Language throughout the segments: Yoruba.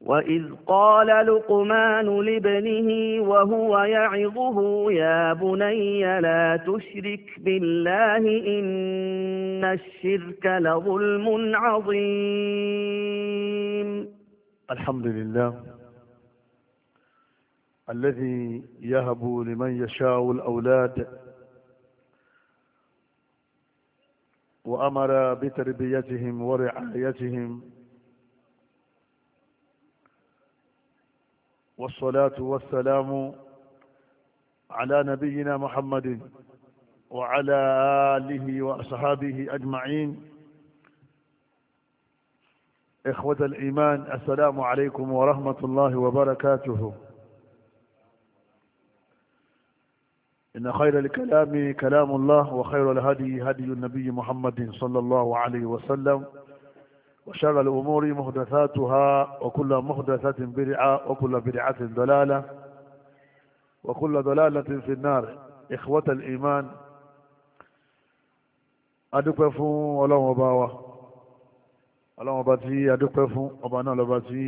وإذ قال لقمان لابنه وهو يعظه يا بني لا تشرك بالله إن الشرك لظلم عظيم الحمد لله الذي يهب لمن يشاء الأولاد وأمر بتربيتهم ورعايتهم والصلاة والسلام على نبينا محمد وعلى آله وأصحابه أجمعين إخوة الإيمان السلام عليكم ورحمة الله وبركاته إن خير الكلام كلام الله وخير الهدي هدي النبي محمد صلى الله عليه وسلم وشر الأمور محدثاتها وكل محدثة بدعة وكل بدعة ضلالة وكل ضلالة في النار إخوة الإيمان adúpẹ́ fún ọlọ́run ọba wa ọlọ́run ọba tí adúpẹ́ fún ọba náà lọ́ba tí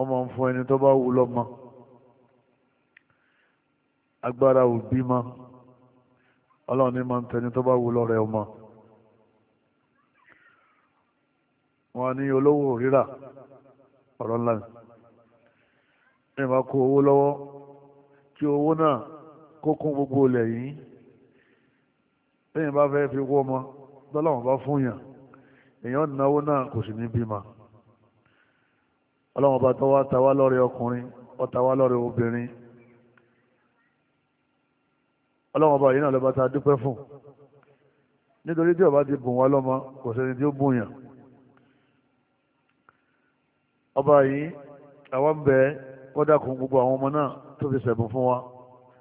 ọmọ ń fún ẹni tó bá wù lọ́mọ agbára òbí ma ọlọ́run ní máa ń tẹni tó bá wù lọ́rẹ̀ ọmọ. wọ́n ní olówó rírà ọ̀rọ̀ ńlá ni ẹ máa kó owó lọ́wọ́ kí owó náà kó kún gbogbo ilẹ̀ yìí lẹ́yìn bá fẹ́ fi wọ́ ọmọ dọ́làwọ̀n bá fún yàn èèyàn náwó náà kò sì ní bímọ ọlọ́wọ́n bá tọ́wọ́ tawá lọ́rẹ̀ ọkùnrin ọ̀tawá lọ́rẹ̀ obìnrin ọlọ́wọ́n bá yìí náà lọ́ba ta dúpẹ́ fún nítorí tí ọba ti bùn wá lọ́mọ kò sẹ́ni tí ó bùn yàn ọba yìí àwọn bẹ kọ́dà kún gbogbo àwọn ọmọ náà tó fi ṣẹ̀bùn fún wa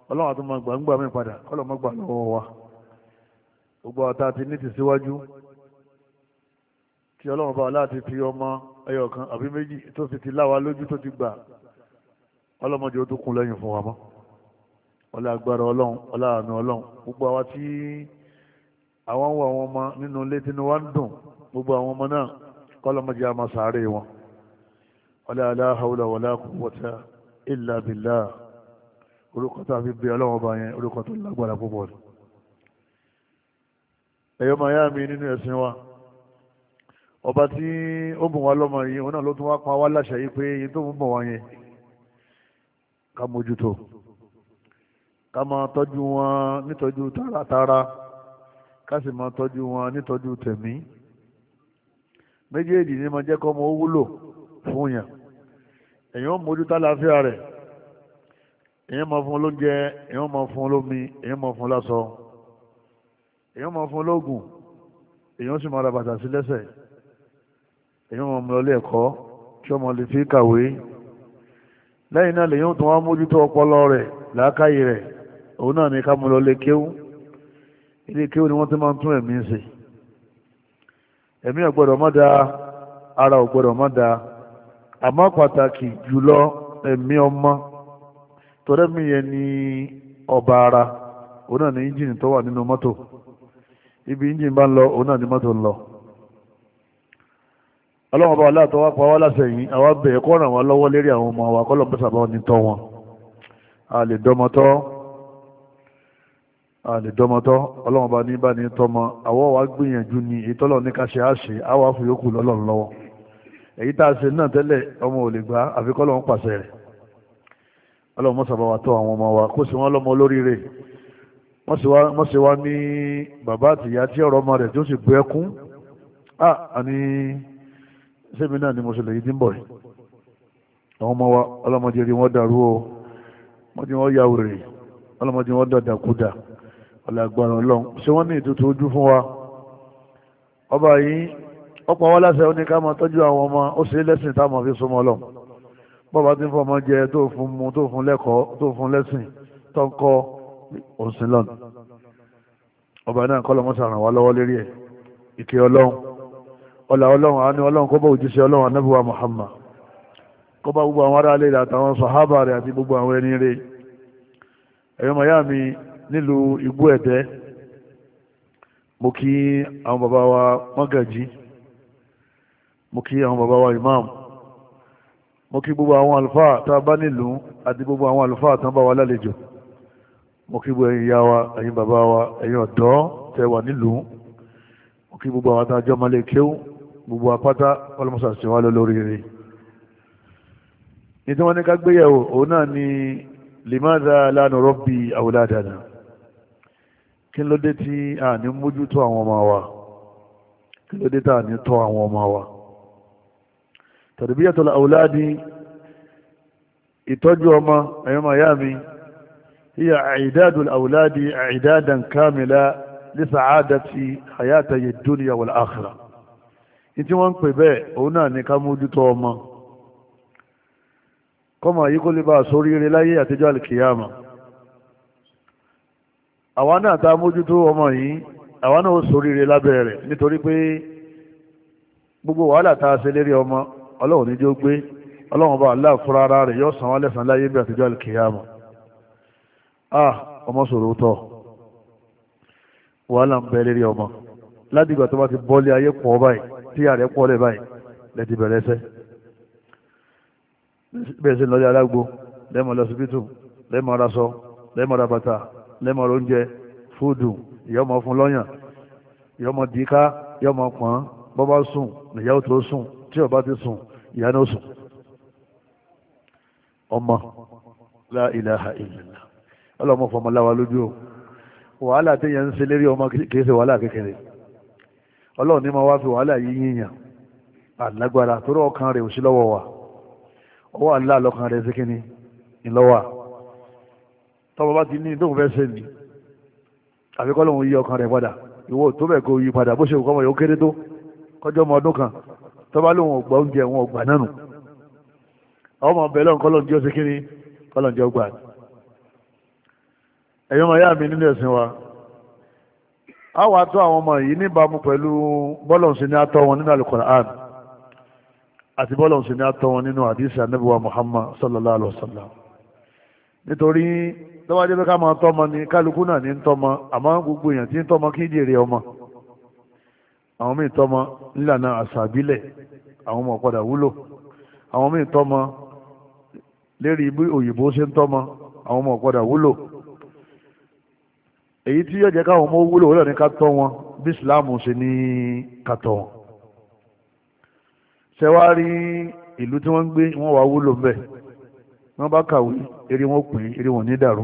ọlọ́run àti ọmọgbà ń gbà mí padà ọlọ́mọ gbà lọ́wọ́ wa gbogbo ọ̀tá ti ní ti síwájú tí ọlọ́run bá láti fi ọmọ ẹyọ kan àbí méjì tó fi ti láwa lójú tó ti gbà ọlọ́mọdé ó tó kún lẹ́yìn fún wa mọ́ ọlá agbára ọlọ́run ọlá àánú ọlọ́run gbogbo àwa tí àwọn ń wọ àwọn ọmọ nínú ilé tí wọ́n ń dùn gbogbo àwọn ọmọ náà kọ́lọ́mọdé á máa sàárè wọn. ولا لا حول ولا قوة إلا بالله orúkọta fi bí ọlọ́wọ́n bá yẹn orúkọ tó lágbára púpọ̀ ni ẹ̀yọ́ máa yá mi nínú ẹ̀sìn wa ọba tí ó bùn wá lọ́mọ yìí òun náà ló tún wá pa wá láṣẹ yìí pé èyí tó ń bọ̀ wá yẹn ká mójútó ká máa tọ́jú wọn nítọ́jú tààràtààrà ká sì máa tọ́jú wọn nítọ́jú tẹ̀mí méjèèjì ni máa jẹ́ kọ́ ọmọ ó wúlò fún yàn èyàn mójútó àlàáfíà rẹ̀ èyàn máa fún lóúnjẹ èyàn máa fún lómi èyàn máa fún láṣọ èyàn máa fún lóògùn èyàn sì máa ra bàtà sí lẹ́sẹ̀ èyàn máa mú lọlé ẹ̀kọ́ tí ọmọ lè fi kàwé lẹ́yìn náà lèyàn tó wá mójútó ọpọlọ rẹ̀ làákàyè rẹ̀ òun náà ní ká mú lọlé kéwú ilé kéwú ni wọ́n ti máa ń tún ẹ̀mí ṣe ẹ̀mí ò gbọ́dọ̀ má da ara ò gbọ́dọ̀ má da àmọ́ pàtàkì jùlọ ẹ̀mí ọmọ tọ́lẹ́mí yẹn ní ọba ara òun náà ní engine tó wà nínú mọ́tò ibi engine bá ń lọ òun náà mọ́tò ń lọ ọlọ́run ọba aláàtọ̀ wá pa wá láṣẹ yìí àwa bẹ̀rẹ̀ kọ́ ràn wá lọ́wọ́ lérí àwọn ọmọ wa kọ́lọ̀ bẹ́sà bá ní tọ́ wọn a lè dọ́mọtọ́ a lè dọ́mọtọ́ ọlọ́run ọba ní bá ni èyí tá a ṣe náà tẹ́lẹ̀ ọmọ ò lè gbà àfikọ́ lọ́wọ́ pàṣẹ rẹ̀ ọlọ́run mọ́sàbá wa tọ́ àwọn ọmọ wa kó sì wọ́n lọ́mọ olóríire wọ́n sì wá ní bàbá àtìyá tí ọ̀rọ̀ ọmọ rẹ̀ tó sì gbé ẹkún ah àní sẹ́mi náà ni mo ṣe lè yí dínbọ̀ yìí àwọn ọmọ wa ọlọ́mọdé rí wọ́n dàrú o ọmọdé wọ́n ya wèrè ọlọ́mọdé wọ́n dàdàkúdà ọ̀làgbàrán ọlọ́run ṣé wọ́n ní ìtútù ojú fún wa ọba yìí ọ̀pọ̀ wọn láṣẹ ó ní ká máa tọ́jú àwọn ọmọ ó ṣe lẹ́sìn táwọn fi súnmọ́ lọ bọ́ba tí ń fọmọ jẹ tó fún mu tó fún lẹ́kọ̀ọ́ tó fún lẹ́sìn tó ń kọ́ òsìn lọ́nà ọba náà kọ́ lọ́mọ́sà ràn wá lọ́wọ́ lérí ẹ̀ ìkẹ́ ọlọ́run ọlà ọlọ́run àánú ọlọ́run kó bá òjíṣẹ́ ọlọ́run anábíwá Muhammad kó bá gbogbo àwọn ará àtàwọn sọ̀hábà rẹ̀ àti gbogbo àwọn ẹni rẹ̀ ẹ̀yọ́ màyá mi nílùú Ìgbó Ẹ̀tẹ́ mo kí àwọn bàbá wa mọ́gàjí mo kí àwọn bàbá wa imam mo kí gbogbo àwọn àlùfáà tá a bá nílùú àti gbogbo àwọn àlùfáà tá a bá wa lálejò mo kí gbogbo ẹ̀yin ìyá wa ẹ̀yin bàbá wa ẹ̀yin ọ̀dọ́ tẹ wà nílùú mo kí gbogbo àwọn àtàjọ ọmọ ilé kéwú gbogbo apáta ọlọmọsà sí wa lórí rẹ̀ ní tí wọ́n ní ká gbéyẹ̀wò òun náà ni limaza lánà rọ́bì àwòládàna kí ló dé tí a ní mójútó àwọn ọmọ wa kí ló dé tá a ní tọ́ àwọn ọmọ wa tarbiyatul awladi ìtọ́jú ọmọ ẹ̀yọ́ miami hiya àìdádùl awladi àìdádàn kamila li sa'adati hayatayi dunya wal akhirah ní tí wọ́n ń pè bẹ́ẹ̀ òun náà ní ká mójútó ọmọ kọ́mọ yìí kó lè bá sóríire láyé àtijọ́ alìkìyàmà àwa náà ta mójútó ọmọ yìí àwa náà ó sóríire lábẹ́ rẹ̀ nítorí pé gbogbo wàhálà tá a ṣe lérí ọmọ ọlọ́run ní jó gbé ọlọ́run bá aláà fúra ara rẹ̀ yóò san wọ́n lẹ́sàn láyé bí àtijọ́ alkiyama ah ọmọ sọ̀rọ̀ tọ̀ wàhálà ń bẹ lérí ọmọ ládìgbà tó bá ti bọ́lé ayé pọ̀ báyìí tí ààrẹ pọ̀ lẹ̀ báyìí lẹ́ti bẹ̀rẹ̀ ẹsẹ̀ bẹ́ẹ̀ sí lọ́lẹ́ alágbo lẹ́mọ̀ lọ́sibítù lẹ́mọ̀ arasọ lẹ́mọ̀ rabata lẹ́mọ̀ oúnjẹ fúdù ìyọ́mọ fún lọ́yàn ìyọ́mọ dìíká ìyọ́mọ pọ̀n bọ́bá sùn nìyàwó tó sùn tí ó ti sùn ìyá ọmọ la ilaha illallah ọlọ́mọ fọmọ láwa lójú o wàhálà téèyàn ń ṣe lérí ọmọ kìí ṣe wàhálà kékeré ọlọ́run ní ma wá fi wàhálà yí yíyàn àlágbára torí ọkàn rẹ̀ ò sí lọ́wọ́ wa ọwọ́ àlá lọ́kàn rẹ̀ sí kíni ìlọ́wà tọ́wọ́ bá ni àfikọ́ tọ́ba lóun ò gba oúnjẹ wọn ò gbà nánu àwọn ọmọ ọbẹ̀ lọ́nkọ́ lọ́njẹ́ ó ṣe kí ni kọ́lọ́njẹ́ ó gbà ní. ẹ̀yọ́ ọmọ ìyá mi nínú ẹ̀sìn wa a wàá tó àwọn ọmọ yìí níbàámu pẹ̀lú bọ́lọ̀nsì ní atọ́ wọn nínú alukur'an àti bọ́lọ̀nsì ní atọ́ wọn nínú àdìsí anábìwá Muhammad sallallahu alayhi wa sallam nítorí lọ́wọ́ adébẹ́ká máa tọ́ ọmọ ní kálukú náà ní ń tọ́ ọmọ àmọ́ gbogbo èèyàn tí ń tọ́ kí ń jèrè ọmọ. àwọn míì tọ́mọ nílànà àṣà àbílẹ̀ àwọn ọmọ padà wúlò àwọn míì tọ́mọ lérí bí òyìnbó ṣe ń tọ́mọ àwọn ọmọ padà wúlò èyí tí yóò jẹ́ káwọn ọmọ wúlò wúlò ní ká tọ́ wọn bí ìsìláàmù ṣe ní ká tọ́ wọn ṣẹwárí ìlú tí wọ́n ń gbé wọ́n wá wúlò ń bẹ̀ wọ́n bá kàwé eré wọn eré wọn ní dàrú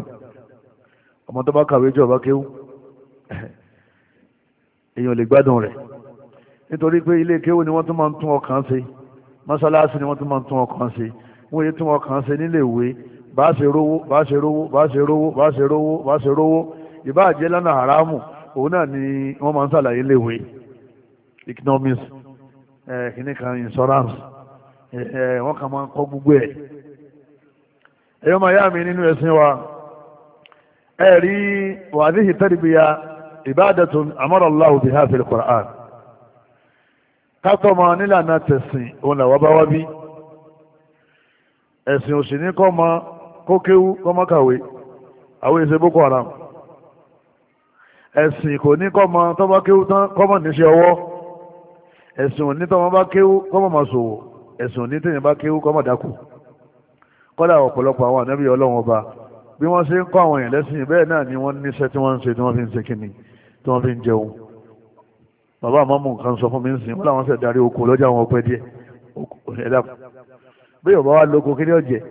ọmọ tó nítorí pé ilé kéwò ni wọ́n tún máa ń tún ọkàn ṣe mọ́ṣáláṣí ni wọ́n tún máa ń tún ọkàn ṣe wọ́n yé tún ọkàn ṣe nílé ìwé bá ṣe rówó bá ṣe rówó bá ṣe rówó bá ṣe rówó bá ṣe rówó ìbáàjẹ́ lánà haramu òun náà ni wọ́n máa ń ṣàlàyé ilé ìwé economics kìíní kan insurance wọ́n kàn máa ń kọ́ gbogbo ẹ̀ ẹ̀yọ́ máa yá mi nínú ẹ̀sìn wa ẹ̀rí wàdíhì tẹ́lifíya ìbáàdàtún amara Allahu biha fil Qur'an kátọ́ ma nílànà tẹ̀sìn òun làwọn bá wá bí ẹ̀sìn òsì ní kọ́ ma kó kéwú kọ́ ma kàwé àwọn èsè boko haram ẹ̀sìn kò ní kọ́ ma tọ́ bá kéwú tán kọ́ ma níṣẹ́ ọwọ́ ẹ̀sìn òní tọ́ ma bá kéwú kọ́ ma ma ṣòwò ẹ̀sìn òní tẹ̀yìn bá kéwú kọ́ ma dákú kọ́dà ọ̀pọ̀lọpọ̀ àwọn ànábì ọlọ́run ọba bí wọ́n ṣe ń kọ́ àwọn èèyàn lẹ́sìn bẹ́ẹ̀ náà ni wọ́n níṣẹ́ tí wọ́n ń ṣe tí wọ́n fi ń ṣe kíni tí wọ́n fi ń jẹun bàbá àmọ́mù kan sọ fún mi ń sìn wọ́n làwọn ṣẹ̀ darí oko lọ́jà wọn pẹ́ díẹ̀ ẹ̀dá bí yóò bá wà lóko kí ni ọ̀jẹ̀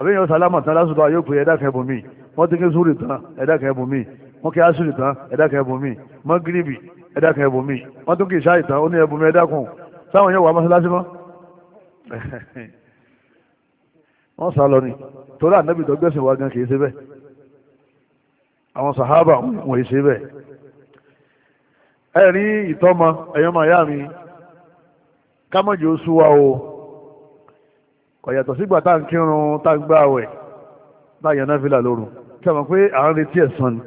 àbíyàn sálámà tán lásùbà yóò pè ẹ̀dá kẹ́bùn mi wọ́n ti kí súrì tán ẹ̀dá kẹ́bùn mi wọ́n kí asùrì tán ẹ̀dá kẹ́bùn mi mọ́gírìbì ẹ̀dá kẹ́bùn mi wọ́n tún kì í ṣáì tán ó ní ẹ̀bùn mi ẹ̀dá kùn sáwọn yóò wà mọ́sálásí mọ́ wọ́n sá lọ ni torí ànábì tó gbẹ̀sìn wa gan kì í ṣe bẹ́ẹ̀ àwọn sàhábà wọ̀nyí ṣe bẹ́ẹ̀ ẹ̀rí ìtọ́mọ ẹ̀yọ́mọ ìyá mi kámọ́jì ó súwa o kò yàtọ̀ sígbà tá à ń kírun tá à ń gbààwẹ̀ tá à yànnà fìlà lóru kí a mọ̀ pé à ń retí ẹ̀san ni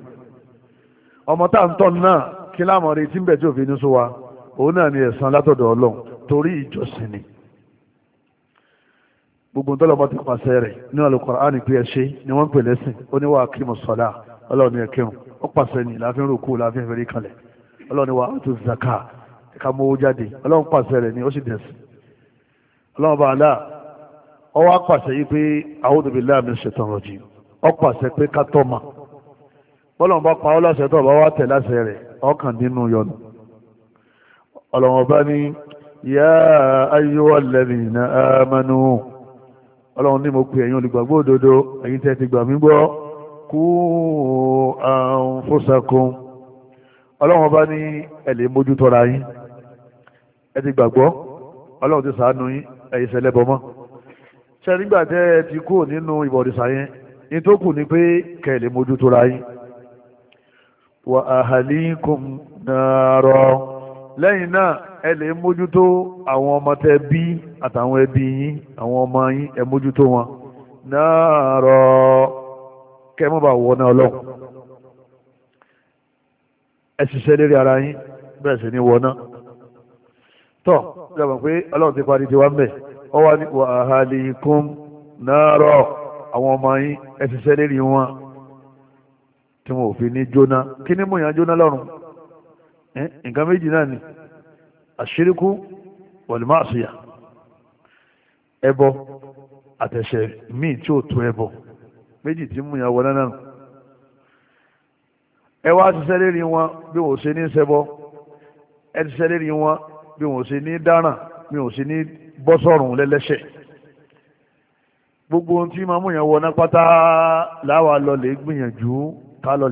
ọmọ tá à ń tọ́ náà kí láàmọ̀ retí ń bẹ̀ tí òfin ní súwa òun náà ni ẹ̀san látọ̀dọ̀ ọlọ́run torí ìjọsìn ni gbogbo ń tọ́lọ́mọ ti pàṣẹ rẹ̀ ní Al-Qur'ani pé ẹ ṣe ni wọ́n ń pè lẹ́sìn ó ní wàá kí mọ̀ sọ́lá ọlọ́run ni ẹ kírun ó pàṣẹ ni láàfin rò kú láàfin fẹ́rí kanlẹ̀ ọlọ́run ni wà á tó zaka ká jáde ọlọ́run pàṣẹ rẹ̀ ni ó sì dẹ̀sí ọlọ́run bá aláà ọwọ́ á pàṣẹ yìí pé a'udhu billahi minash shaitanir rajim ọ pàṣẹ pé ká tọ́ ma bọ́lọ̀ bá pa ọlọ́sẹ̀ tó bá wá tẹ̀ láṣẹ rẹ̀ ọkàn nínú yọnu ọlọ́run bá ní ya ayyuhal ladhina amanu ọlọ́run ní mo pè ẹ̀yin olùgbàgbọ́ òdodo ẹ̀yin tẹ́ ti gbà mí gbọ́ kú anfusakum ọlọ́run ọba ní ẹ̀lẹ́ mójútọ́ra yín ẹ ti gbàgbọ́ ọlọ́run ti sàánú yín ẹ̀yìn sẹlẹ́bọ mọ́ ṣe nígbà tẹ́ ẹ ti kúrò nínú ìbọ̀dìsà yẹn ní tó kù ni pé kẹ̀lẹ́ mójútọ́ra yín wà ahalikum nàárọ̀ lẹ́yìn náà ẹ mójútó àwọn ọmọ tẹ bí àtàwọn ẹbí yín àwọn ọmọ yín ẹ mójútó wọn nàárọ̀ kẹ́ mọ́ bá wọ náà ọlọ́run. ẹ ti ara yín bẹ́ẹ̀ sì ni wọná tọ́ ìjọba pé ọlọ́run ti parí tiwa mẹ́ ọ wá ní wàhálì kún náírọ̀ àwọn ọmọ yín ẹ ti wọn tí wọn ò fi ní jóná kí ni mò ń yan jóná lọ́rùn nǹkan méjì náà ni àṣírikú ẹbọ àtẹ̀ṣẹ̀ míì tí ò tó ẹbọ méjì tí mò ẹwà wá rí wọn bí wọn ṣe ní ṣẹbọ ẹ rí wọn bí wọn ṣe ní dáràn bí wọn ní bọ́sọ̀rùn lẹ́lẹ́ṣẹ̀ gbogbo ohun tí máa yẹn wọ pátá láwa lọ gbìyànjú ká lọ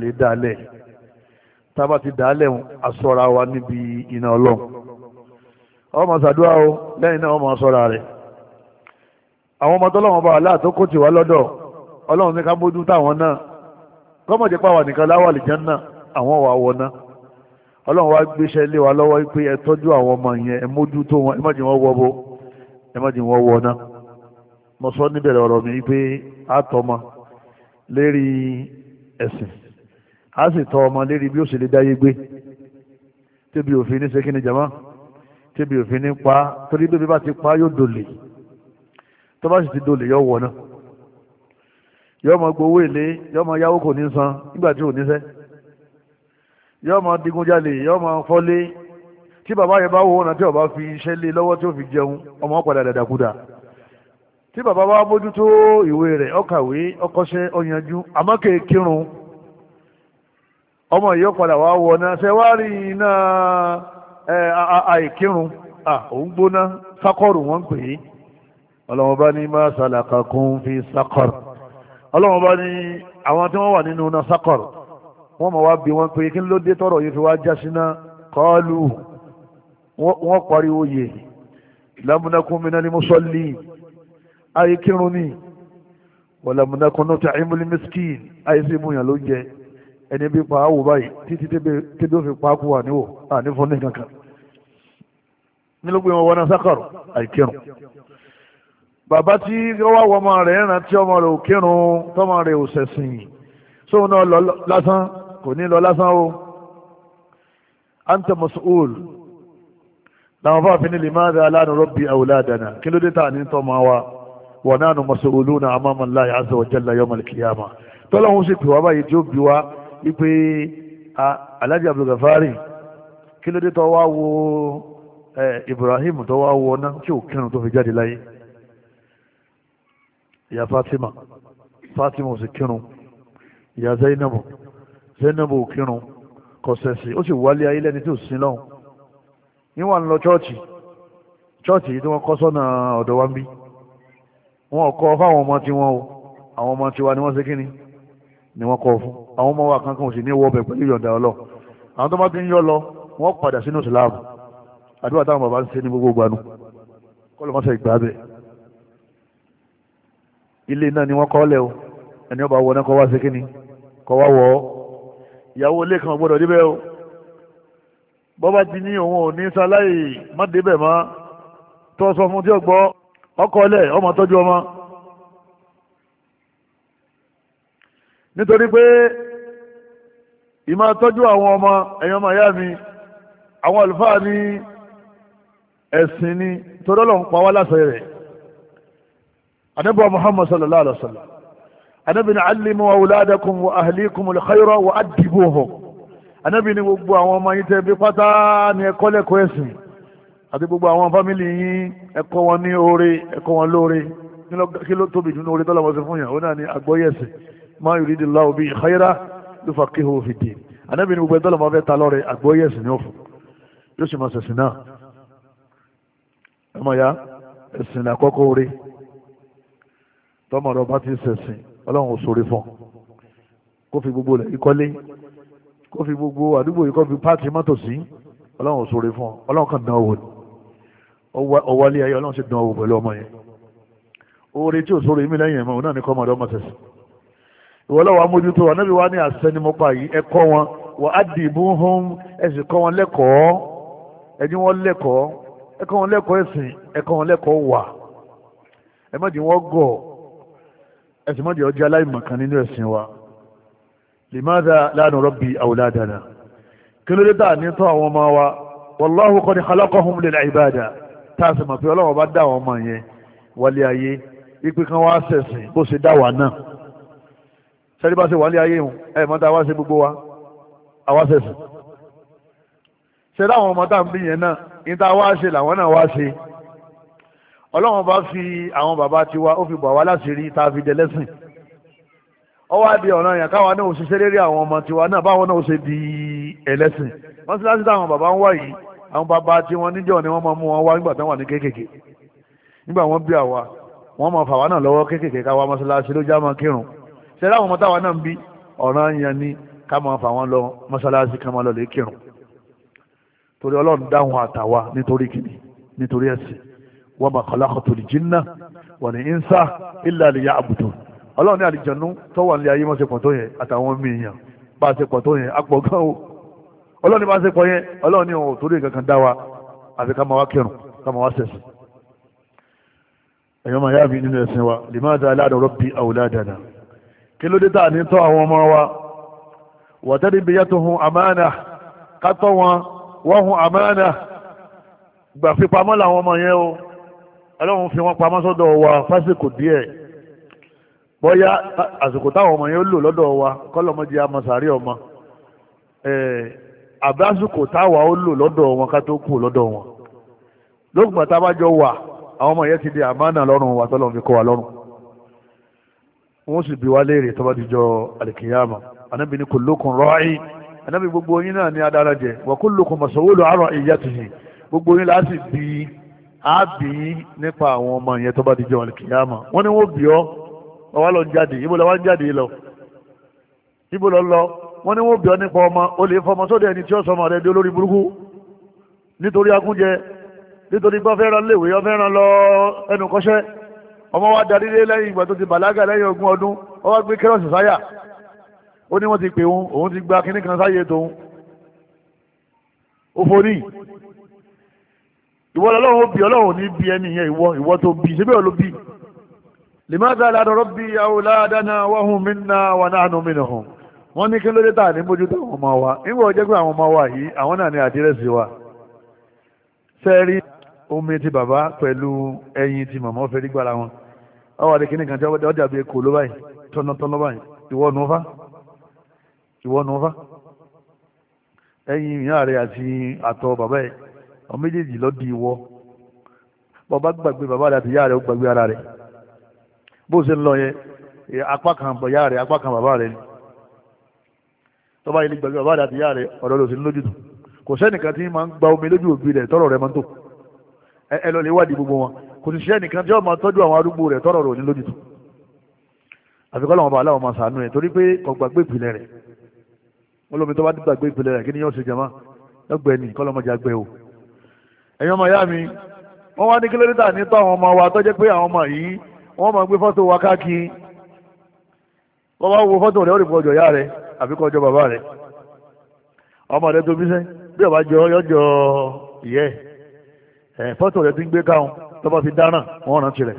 tába ti wa níbi iná ọlọ́run ọmọ o lẹ́yìn náà ọmọ rẹ̀ àwọn ọmọ tọ́lọ́wọ́n bá kọ́mọ̀ jẹ́ pàwọ̀ nìkan láwà àlìjánná àwọn wà wọná ọlọ́run wá gbéṣẹ́ lé wa lọ́wọ́ pé ẹ tọ́jú àwọn ọmọ yẹn ẹ mójútó wọn ẹ má jẹ́ wọ́n wọ́bó ẹ má jẹ́ wọ́n wọná mo sọ níbẹ̀rẹ̀ ọ̀rọ̀ mi pé a tọ́ ọmọ lérí ẹ̀sìn a sì tọ́ ọmọ lérí bí ó sì lè dáyé gbé tẹ́bi òfin ní sẹ́kìnì jama tẹ́bi òfin ní pa torí bébí bá ti pa yóò dòlè tó bá sì ti dòlè yóò wọná yóò mọ gbowó èlé yóò mọ yáwó kò ní san nígbà tí ò níṣẹ́ yóò mọ digunjalè yóò mọ fọ́lé tí bàbá yẹn bá wo ọ̀nà tí ó fi iṣẹ́ lé lọ́wọ́ tí ó fi jẹun ọmọ padà dàdàkúdà tí bàbá wa bójútó ìwé rẹ̀ ọkàwé ọkọ́ṣẹ́ ọyanjú àmọ́ kéèkírun ọmọ yìí padà wá wọ náà ṣe wá rí iná àìkírun òun gbóná sákọ̀rù wọ́n pè é ọlọ́mọba ní má sàlàkà kún fi sákọ̀rù ọlọ́run bá ní àwọn tí wọ́n wà nínú náà sákọ̀rọ̀ wọ́n mọ̀ wá bí wọ́n pé kí ló dé tọ̀rọ̀ yìí fi wá já síná kọ́ọ̀lù wọ́n pariwo yè lámúnákún mi náà ni mo sọ lì ayé kírun ni wọ́n lámúnákún náà tó àìmúlí miskin ayé sí ibùyàn ló jẹ ẹni bí pa áwò báyìí títí tébí ó fi pa ákú wà níwò ànífọ́n kankan nílùú pé wọ́n wọ́n náà sákọ̀rọ̀ ayé kírun bàbá tí wọ́n wá wọ ọmọ rẹ̀ ẹ̀ràn tí ọmọ rẹ̀ ò kírun tọ́mọ rẹ̀ ò ṣẹ̀sìn sóun náà lọ lásán kò ní lọ lásán o anta mas'ul làwọn fáwọn fi ní limadha la nurabbi awladana kí ló dé tà ní tọ́mọ wa wa nahnu mas'uluna amama Allahi azza wa jalla yawm al-qiyamah tọ́lọ́hún sì pè wá báyìí tí ó bí wá wípé alájà abdulgafari kí ló dé tọ́ wá wo eh, Ibrahim tọ́ wá wo ọ̀nà tí ò kírun tó fi jáde láyé ìyá Fatima Fatima ò sì kírun ìyá Zainabu Zainabu ò kírun kọsẹ̀sì ó sì wálé ayé lẹ́ni tí ò sin lọ́hùn níwọ̀n ń lọ chọ́ọ̀chì chọ́ọ̀chì yìí tí wọ́n kọ́ sọ́nà wa ń bí wọn kọ́ fáwọn ọmọ tiwọn o àwọn ọmọ tiwa ni ni wọ́n kọ́ fún àwọn ọmọ wa kankan ò sì ní wọ́ ọbẹ̀ pẹ̀lú ìyọ̀ǹda ọlọ́ àwọn tó bá ti ń yọ lọ wọ́n padà sínú ìsìláàmù àdúrà táwọn bàbá ń ṣe ní gbogbo gbanú kọ́ ìgbà bẹ́ẹ̀ ilé náà ni wọ́n kọ́ lẹ̀ o ẹni ọba wọ náà kọ́ wá sí kíni kọ́ wá wọ̀ ọ́ ìyàwó ilé kan gbọ́dọ̀ débẹ̀ o bọ́bá ti ní òun ò ní sáláì má débẹ̀ mọ́ tó sọ fún tí ó gbọ́ ọkọ lẹ̀ ọmọ tọ́jú ọmọ nítorí pé ìmá tọ́jú àwọn ọmọ ẹ̀yàn ọmọ ìyá mi àwọn àlùfáà ní ẹ̀sìn ni torọ́lọ́ ń pa wá láṣẹ rẹ̀ anabi muhammad sallallahu alaihi wasallam anabi ni alimu awuladakum wa ahlikum alkhayra wa adibuhum anabi ni gbogbo àwọn ọmọ yín tẹ́ bí pátá ni ẹ̀kọ́ lẹ́kọ̀ọ́ ẹ̀sìn àti gbogbo àwọn fámìlì yín ẹ̀kọ́ wọn ní oore ẹ̀kọ́ wọn lóore kí ló tóbi nínú oore tọ́lọ́mọ sí fún yàn ó náà ni àgbọ́yẹ̀sìn ma yuridillahu bihi khayra yufaqihuhu fi din anabi ni gbogbo ẹ̀tọ́lọ́mọ fẹ́ ta lọ́rẹ̀ àgbọ́yẹ̀sìn ní òfin yóò sì máa ṣẹ̀sìn náà ẹ̀ tọ́mọ̀ rẹ̀ bá ti sẹ̀sìn ọlọ́run ò sórí fún kó fi gbogbo rẹ̀ ìkọ́lé kó fi gbogbo àdúgbò yìí kó fi páàtì mọ́tò sí ọlọ́run ò sórí fún ọlọ́run kan dán owó ni ọwọ́lé ayé ọlọ́run ṣe dán owó pẹ̀lú ọmọ yẹn oore tí ò sórí mi lẹ́yìn ẹ̀mọ́ náà ni kọ́ ọmọdé ọmọ sẹ̀sìn ìwọ lọ́wọ́ amójútó wa nábì wá ní àṣẹ ni mo pa yìí ẹ kọ́ wọn wà á dì bú hún ẹ sì kọ́ wọn lẹ́kọ̀ọ́ ẹ wọn lẹ́kọ̀ọ́ ẹ kọ́ wọn lẹ́kọ̀ọ́ ẹ̀sìn ẹ kọ́ wọn lẹ́kọ̀ọ́ wà ẹ má jí wọn gọ̀ọ́ ẹ̀sìn mọ́dì ọjọ́ aláìmọ̀kan nínú ẹ̀sìn wa limadha la nurabbi awladana kí ló dé tà ní tọ́ àwọn ọmọ wa wallahu qad khalaqahum lil ibada tá a sì mọ̀ pé ọlọ́wọ́ bá dá àwọn ọmọ yẹn wálé ayé ipe kan wá sẹ̀sìn bó ṣe dá wa náà sẹ́ni bá ṣe wálé ayé hùn ẹ̀ mọ́ta wá ṣe gbogbo wa àwa sẹ̀sìn ṣe dáwọn ọmọ tá ń bí yẹn náà ní tá a wá ṣe làwọn náà wá ṣe ọlọ́run bá fi àwọn bàbá tiwa ó fi bọ̀ wá láṣìírí tá a fi dẹ lẹ́sìn ọwọ́ àdì ọ̀nà yẹn káwọn náà ṣiṣẹ́ lérí àwọn ọmọ tiwa náà báwọn náà ṣe di ẹlẹ́sìn wọ́n ti láti táwọn bàbá ń wá yìí àwọn bàbá tí wọ́n níjọ́ ni wọ́n máa mú wọn wá nígbà tán wà ní kéékèèké nígbà wọ́n bí àwa wọ́n máa fà wá náà lọ́wọ́ kéékèèké káwa mọ́ṣáláṣí ló já máa kírun ṣe láwọn ọmọ táwa náà ń bí ọ̀ràn yẹn ni ká máa fà wọ́n lọ mọ́ṣáláṣí ká máa lọ lè kírun torí ọlọ́run dáhùn àtàwa nítorí kìnnì nítorí ẹ̀sìn wa ma khalaqatul jinna wal insa illa liya'budun ọlọ́run ní àlìjànú tó wà ní ayé mọ́sẹ̀pọ̀ tó yẹn àtàwọn míì yàn bá a ṣe pọ̀ tó yẹn apọ̀ gan o ọlọ́run ní bá a ṣe pọ̀ yẹn ọlọ́run ní òun torí kankan dá wa àfi ká máa wá kírun ká máa wá sẹ̀sìn. ẹ̀yọ́ máa yá mi nínú ẹ̀sìn wa limaza aláàdọ̀ rọ́bì awladana kí ló dé tá à gbà fipamọ́ làwọn ọmọ yẹn o ọlọ́run fi wọ́n pamọ́ sọ́dọ̀ wa fásitì díẹ̀ bọ́yá àsìkò táwọn ọmọ yẹn lò lọ́dọ̀ wa kọ́lọ́mọdé amasàrí ọmọ àbásìkò táwa ó lò lọ́dọ̀ wọn ká tó kù lọ́dọ̀ wọn lókùnbà tá a bá jọ wà àwọn ọmọ yẹn ti di àmánà lọ́rùn wa tọ́lọ́run fi kọ́ wa lọ́rùn wọ́n sì bi wá léèrè tó ti jọ àlìkìyàmà anábì ní kullukum ra'i anábì gbogbo yín náà ní adára jẹ wa kullukum mas'ulun 'an ra'iyyatihi gbogbo yín láti bíi á bì í nípa àwọn ọmọ yẹn tó bá di jọ àlùkìyàmà wọ́n ní wọ́n bì ọ́ ọwọ́ lọ ń jáde ibo lọ wá ń jáde lọ ibo lọ lọ wọ́n ní wọ́n bì ọ́ nípa ọmọ o lè fọmọ sóde ẹni tí ó sọmọ rẹ di olórí burúkú nítorí akúnjẹ nítorí pé ọfẹ́ ràn léwé ọfẹ́ ràn lọ ẹnu kọ́ṣẹ́ ọmọ wa darí lé lẹ́yìn ìgbà tó ti bàlágà lẹ́yìn ogún ọdún ó wá gbé kẹ́rọ̀sì sáyà ó ní wọ́n ti pè òun òun ti gba kínní kan sáyé tòun ó forí ìwọ lọ́wọ́ bí ọlọ́wọ́ ní bí ẹni yẹn ìwọ ìwọ tó bí síbẹ̀ ló bí lèmọ́tà ládọ́rọ́ bí awladana wahum minna wa nahnu minhum wọ́n ní kí ló dé tà ní mójútó àwọn ọmọ wa nígbà ọjọ́ pé àwọn ọmọ wa yìí àwọn náà ní àdírẹ́sì wa sẹ́ẹ̀rí omi ti bàbá pẹ̀lú ẹyin ti màmá fẹ́ dígbàra wọn ọwọ́ adé kìnnìkan tí wọ́n dàbí ekò ló báyìí tọ́nàtọ́nà àwọn méjèèjì lọ di ìwọ bàbá gbàgbé bàbá rẹ àti ìyá rẹ ó gbàgbé ara rẹ bó ṣe ń lọ yẹn apá kan ìyá rẹ apá kan bàbá rẹ ni tọ́ba ilé gbàgbé bàbá rẹ àti ìyá rẹ ọ̀dọ́ ló sì ń lójú tù kò sẹ́nìkan tí máa ń gba omi lójú òbí rẹ̀ tọ́rọ̀ rẹ̀ máa ń tò ẹ lọ lè wádìí gbogbo wọn kò sì sẹ́nìkan tí ó máa tọ́jú àwọn arúgbó rẹ̀ tọ́rọ̀ rẹ̀ ní lójú tù àfikọ́ làwọn ọba aláwọ̀ máa sàánú ẹ̀ torí pé kò gbàgbé ìpìlẹ̀ rẹ̀ olómi tó bá gbàgbé ìpìlẹ̀ rẹ̀ kí ni yóò ṣe jama lọ́gbẹ̀ẹ́ nì kọ́lọ́mọdé àgbẹ̀ o ẹ̀yin ọmọ ìyá mi wọ́n wá ní kílódítà ní tọ́ àwọn ọmọ wa tó pé àwọn ọmọ yìí wọ́n máa gbé fọ́tò wa káàkiri wọ́n bá wo fọ́tò rẹ̀ ó lè fọ́ ìyá rẹ̀ àbí bàbá rẹ̀ ọmọ rẹ̀ tóbi sẹ́ bí ọba jọ yọjọ ìyẹ́ ẹ̀ fọ́tò rẹ̀ ti ń gbé káwọn fi dáná wọ́n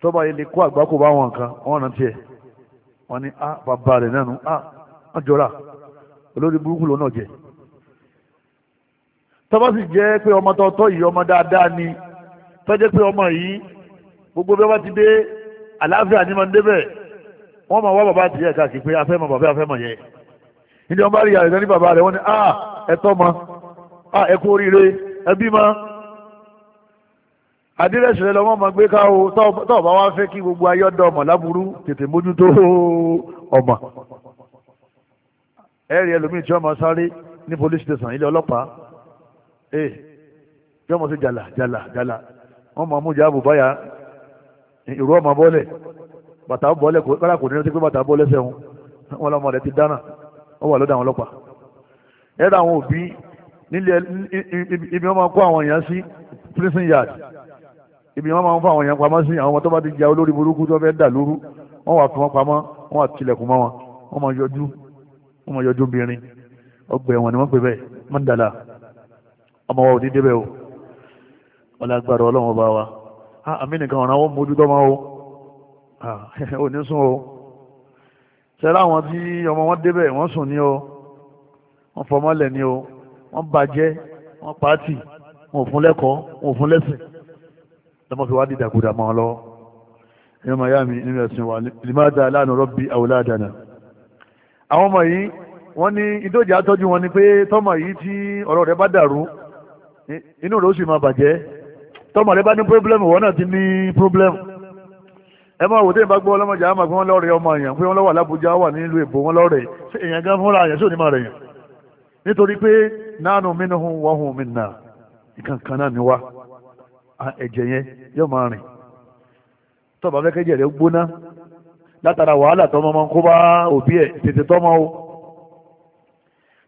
tó bá yẹ lè kó àgbákò bá wọn kan wọ́n wọ́n ní ah, bàbá rẹ̀ ah, jọra olórí burúkú náà tọ́ba sì jẹ́ pé ọmọ tọ́tọ́ yìí ọmọ dáadáa ni tọ́jẹ́ pé ọmọ yìí gbogbo bí wọ́n bá ti dé àlàáfíà ní máa ń débẹ̀ wọ́n máa wá bàbá ti yẹ káàkiri pé afẹ́ mọ̀ bàbá afẹ́ mọ̀ yẹ níbi wọn bá rí àrẹ̀dá ní bàbá rẹ̀ wọ́n ní a ẹ̀tọ́ mọ a ẹ̀kú oríire ẹbí mọ àdírẹ́sì rẹ lọ́wọ́ máa gbé ká o tọ́ọ̀ bá wá fẹ́ kí gbogbo ayọ́dọ̀ ọmọ láburú tètè mójútó ọmọ ẹ̀rí ẹlòmíì tí wọ́n máa sáré ní police station ilé ọlọ́pàá ee eh, yọmọ sí jala, jala, jala. wọn máa mú jáàbù báyà ìró ọmọ bọ́lẹ̀ bàtà bọ́lẹ̀ kọ́lá kò ní ọtí pé bàtà bọ́lẹ̀ sẹ́wọ̀n wọn lọ́mọ rẹ̀ ti dáná wọn wà lọ́dọ̀ àwọn ọlọ́pàá ẹ̀rọ àwọn òbí nílé ibi wọn máa kó àwọn èèyàn sí prison yard ibi wọn máa ń fọ àwọn èèyàn pamọ́ sí àwọn ọmọ tó bá ti ja olórí burúkú tó fẹ́ dà lóru wọn wà fi wọn pamọ́ wọn wà tilẹ̀kùn mọ́ wọn wọn máa yọjú wọn máa yọjú obìnrin ọgbà ẹ̀wọ̀n ni wọ́n pè bẹ́ẹ̀ mọ́ndàlá ọmọ wa ò ní débẹ̀ o ọlágbára ọlọ́run ọba wa àmì nìkan ọ̀ràn ó mójútó ọmọ o ò ní sùn o sẹ́lá àwọn tí ọmọ wọn débẹ̀ wọ́n sùn ní o wọ́n fọmọ́lẹ̀ ní o wọ́n bàjẹ́ wọ́n pàátì wọn fún lẹ́kọ̀ọ́ wọn fún lẹ́sìn lọ́mọ fi wá dìdàkudà mọ́ ọ lọ́wọ́ ẹ̀yọ́ màá yá mi nínú ẹ̀sìn wa lèmádà aláàánú rọ́bì àwòládànà àwọn ọmọ yìí wọ́n ní ìdójà tọ́jú wọn ni pé tọ́mọ yìí tí ọ̀rọ̀ rẹ̀ bá dàrú inú rẹ̀ ó sì máa bàjẹ́ tọ́mọ rẹ bá ní pírọ́blẹ́mù wọn náà ti ní pírọ́blẹ́mù ẹ máa wò téèyàn bá gbọ́ ọlọ́mọdé àmà pé wọ́n lọ́ọ̀rẹ́ ọmọ èèyàn pé wọ́n lọ́wọ́ alábùjá wà nílùú èbó wọ́n lọ́ọ̀rẹ́ èèyàn gan fúnra èèyàn sí òní máa rẹ̀ yàn nítorí pé nánú mínúhùn wọ́hùn mi nà ìkànkan náà ni wá ẹ̀jẹ̀ yẹn yóò máa rìn tọ́ba fẹ́ kẹ́jẹ̀ rẹ̀ gbóná látara wàhálà tọmọ ọmọ kó bá òbí ẹ̀ tètè tọmọ o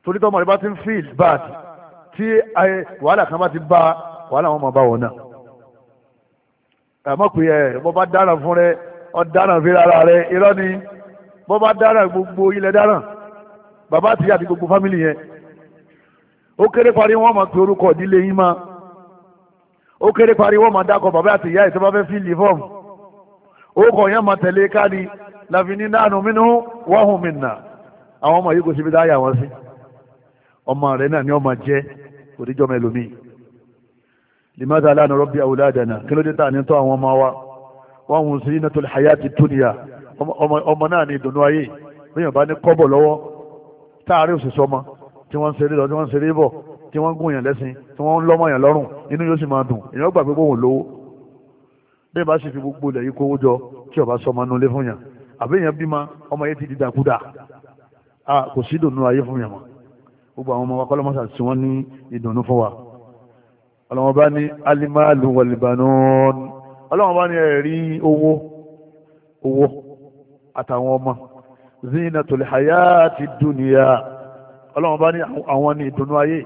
torí tọmọ rẹ bá ti ń feel bad tí wàhálà kan bá ti bá wàhálà wọn máa bá wọn náà àmọ́ pé ẹ bọ́ bá dára fún rẹ ọ dára fi rárá rẹ irọ́ ni bọ́ bá dára gbogbo ilẹ̀ dára bàbá àti ìyá àti gbogbo fámìlì yẹn ó kéré parí wọn máa pe orúkọ ìdílé yín máa ó kéré parí wọn máa dákọ bàbá àti ìyá ìtọ́ bá fẹ́ fíìlì fọ́ọ̀mù orúkọ yẹn máa tẹ̀lé káàdì láfi ní nánú wọ́n hùn mí nà àwọn ọmọ yìí kò síbi dáyà wọn sí ọmọ rẹ náà ni ọmọ jẹ́ kò díjọ́ mẹ́lòmí limada lana rabbi awladana kí ló dé tà ní tó àwọn ọmọ wa wọ́n hùn sí iná tó lè hayá ti túnìyà ọmọ náà ní ìdùnnú ayé bíyàn bá ní kọ́bọ̀ lọ́wọ́ táàrí òṣìṣọ́ ọmọ tí wọ́n ń ṣeré lọ tí wọ́n ń ṣeré bọ̀ tí wọ́n ń gún yàn lẹ́sìn tí wọ́n ń lọ́mọ yàn lọ́rùn inú yóò sì máa dùn èèyàn gbà pé bóun lówó bẹ́ẹ̀ bá sì fi gbogbo ilẹ̀ yìí kówó jọ tí ọba sọmọ inú ilé fún yàn àbí èèyàn bímọ ọmọ yẹn ti di dàkúdà kò sí ìdùnnú ayé fún yàn mọ́ gbogbo àwọn ọmọ wa kọ́lọ́mọ́sà sí wọ́n ní ìdùnnú fún wa ọlọ́wọ́n bá ní alimalu walibanon ọlọ́wọ́n bá ní ẹ̀rí owó owó àtàwọn ọmọ zinatul hayati dunya ọlọ́wọ́n bá ní àwọn ní ìdùnnú ayé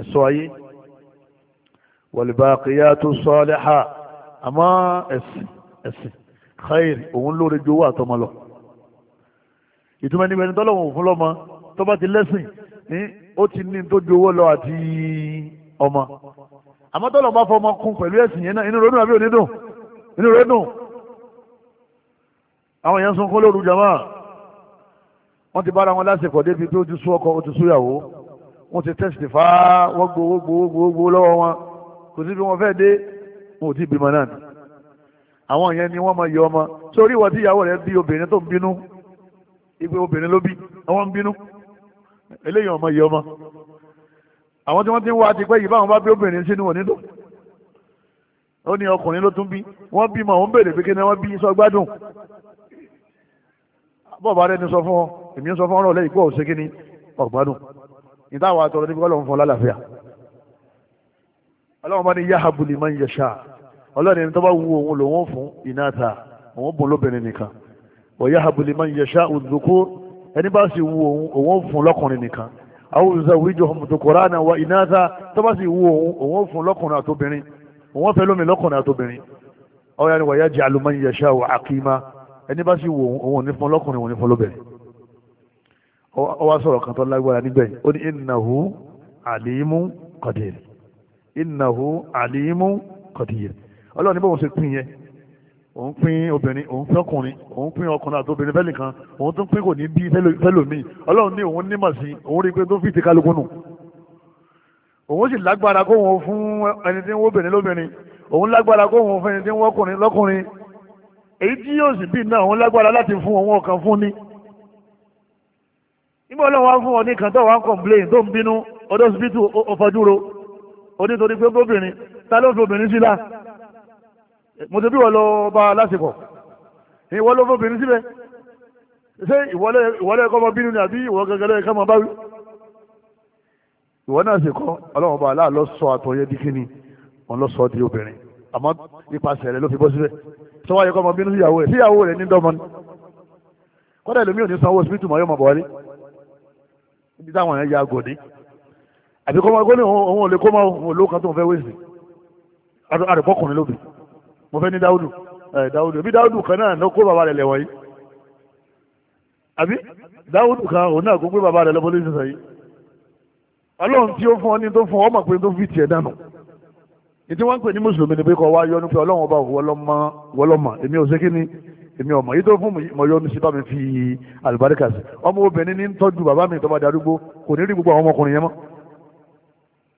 ẹ̀sọ́ ayé walbaqiyatu saliha àmọ́ ẹ̀sìn ẹ̀sìn khair òun lóore ju owó àtọmọ lọ ìtumọ̀ nígbà ẹni tọ́lọ́wọ̀n òfin lọ́mọ tó Hm? ó ti ní tó ju owó lọ àti ọmọ àmọ́ tọ́lọ̀ bá fọmọ kún pẹ̀lú ẹ̀sìn yẹn náà inú rẹ̀ dùn àbí òní dùn inú rẹ̀ dùn àwọn èèyàn sunkún lóru jama wọ́n ti bára wọn lásìkò débi pé ó ti sú ọkọ ó ti sú ìyàwó wọ́n ti tẹ́sítì fá wọ́n gbowó gbowó gbowó gbowó lọ́wọ́ wọn kò sí bí wọ́n fẹ́ dé wọn ò tí ì bímọ náà ni àwọn yẹn ni wọ́n máa yọ ọmọ sórí ìwà tí ìyàwó rẹ̀ bí obìnrin tó ń bínú ìgbé obìnrin ló bí àwọn ń bínú eléyìí ọmọ yìí ọmọ àwọn tí wọ́n ti ń wá ti pẹ́ yìí báwọn bá bí obìnrin sínú wọn nílò ó ní ọkùnrin ló tún bí wọ́n bímọ òun béèrè pé kí ni wọ́n bí sọ gbádùn bọ́ọ̀bá rẹ ni sọ fún ọ èmi ń sọ fún ọ lẹ́yìn pé ọ̀sẹ̀ kí ni ọ̀gbádùn níta àwọn àtọ̀rọ̀ níbi ọlọ́run fún ọ lálàáfíà ọlọ́run bá ní yahabu liman yasha ọlọ́run ẹni tó bá wù òun lòun fún ìnáta òun bùn lóbìnrin nìkan wọ́n yahabu liman yasha òdùkú ẹni bá sì wu òun òun fún lọ́kùnrin nìkan àwọn zawijuhum dhukrana wa inatha tó bá sì wu òun òun fún lọ́kùnrin àtobìnrin òun fẹ́ lómi lọ́kùnrin àtobìnrin ọ̀rẹ́ ni wa yaj'alu man yasha'u aqima ẹni bá sì wu òun òun ní fún lọ́kùnrin òun ní fún lóbìnrin ó wá sọ̀rọ̀ kan tó lágbára níbẹ̀ ó ní innahu alimun qadir innahu alimun qadir ọlọ́run ní bóun ṣe pín òun pín obìnrin òun pín ọkùnrin òun pín ọkùnrin àti obìnrin fẹ́lẹ̀ kan òun tún pín kò ní bí fẹ́lòmíì ọlọ́run ní òun nímọ̀ sí òun rí i pé tó fi ti kálukú nù òun sì lágbára kó òun fún ẹni tí ń wó obìnrin lóbìnrin òun lágbára kó òun fún ẹni tí ń wọ́kùnrin lọ́kùnrin èyí tí yóò sì bí náà òun lágbára láti fún òun ọ̀kan fún ni nígbà ọlọ́run wá fún ọ ní kan tó wà ń kọ̀m̀pléyìn tó ń bínú ọdọ́sibítù ọ̀fọ̀dúró onítorí pé obìnrin ta ló fi obìnrin sí láà mo ti bí wọ́n lọ bá a lásìkò ìwọ ló fóbìnrin síbẹ̀ ṣé ìwọlé ẹ̀kọ́ ọmọ bínú ni àbí ìwọ gẹ́gẹ́lẹ́ ẹ̀kọ́ ọmọ báwí ìwọ náà sì kọ́ ọlọ́run bá aláà lọ sọ àtọ̀yẹ di kíni wọn lọ sọ di obìnrin àmọ́ ipasẹ̀ rẹ̀ ló fi bọ́ síbẹ̀ sọ wáyé kọ́ bínú síyàwó rẹ̀ síyàwó rẹ̀ ní dọ́mọ ni kọ́dà ìlú mi ò ní sanwó síbítù mọ́ yóò mọ̀ bọ̀ wálé níbi táwọn èèyàn ya gòdì àbí kọ́mọ gómìnà òun ò lè kọ́mọ òun ò lókan tó ń fẹ́ wéṣì àdùkọ́kùnrin lóbìnrin mo fẹ́ ní dáúdù ẹ̀ dáúdù bí dáúdù kan náà ló kó bàbá rẹ̀ lẹ̀wọ̀n yìí àbí dáúdù kan òun náà kó gbé bàbá rẹ̀ lọ bọ́lé sísè yìí ọlọ́run tí ó fún ọ ní tó fún ọ mọ̀ pé tó fi tiẹ̀ dànù ìdí wọn pè ní mùsùlùmí ni pé kọ wá yọnu pé ọlọ́run ọba wọlọ́mọ wọlọ́mọ èmi ò sé kí ni èmi ọmọ yìí tó fún mọ yọnu sí bá mi fi àlùbáríkà sí ọmọ obìnrin ní tọ́jú bàbá mi tó bá darúgbó kò ní rí gbogbo àwọn ọmọkùnrin yẹn mọ́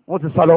wọ́n ti sá lọ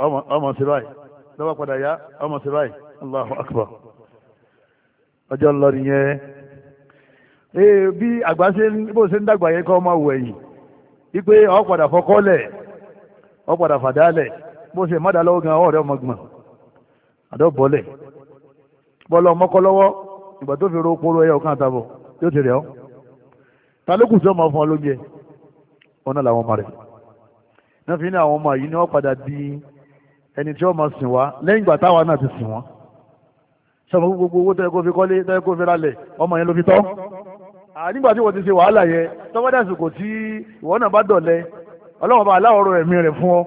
ọmọ sí báyìí lọ́wọ́ padà yá ọmọ sí báyìí Allahu ọjọ́ lọ ee bí àgbà ṣe ń bó ṣe ń dàgbà yẹn kọ́ ọmọ wù wípé ọ padà fọkọ́lẹ̀ ọ padà fàdálẹ̀ bó ṣe má lọ́wọ́ gan ọ̀rẹ́ ọmọgbọ̀n àdọ́bọ̀lẹ̀ bọ́lá ọmọkọ́ lọ́wọ́ ìgbà tó fi ro kan àtàbọ̀ yóò ti rẹ̀ ọ́ ta ló kù sí ọmọ fún ọ lóúnjẹ làwọn ọmọ rẹ̀ náà fi ní àwọn ọmọ yìí ni wọ́n padà di ẹni tí wọ́n máa sìn wá lẹ́yìn ìgbà táwa náà ti sìn wọ́n sọmọ gbogbo owó tẹ́ kó fi kọ́lé tẹ́ kó fi ralẹ̀ ọmọ yẹn ló fi tọ́ nígbà tí wọ́n ti ṣe wàhálà yẹn tọ́wọ́dà sùkò tí ìwọ náà bá dọ̀lẹ́ ọlọ́wọ́n bá aláwọ̀rọ̀ ẹ̀mí rẹ̀ fún ọ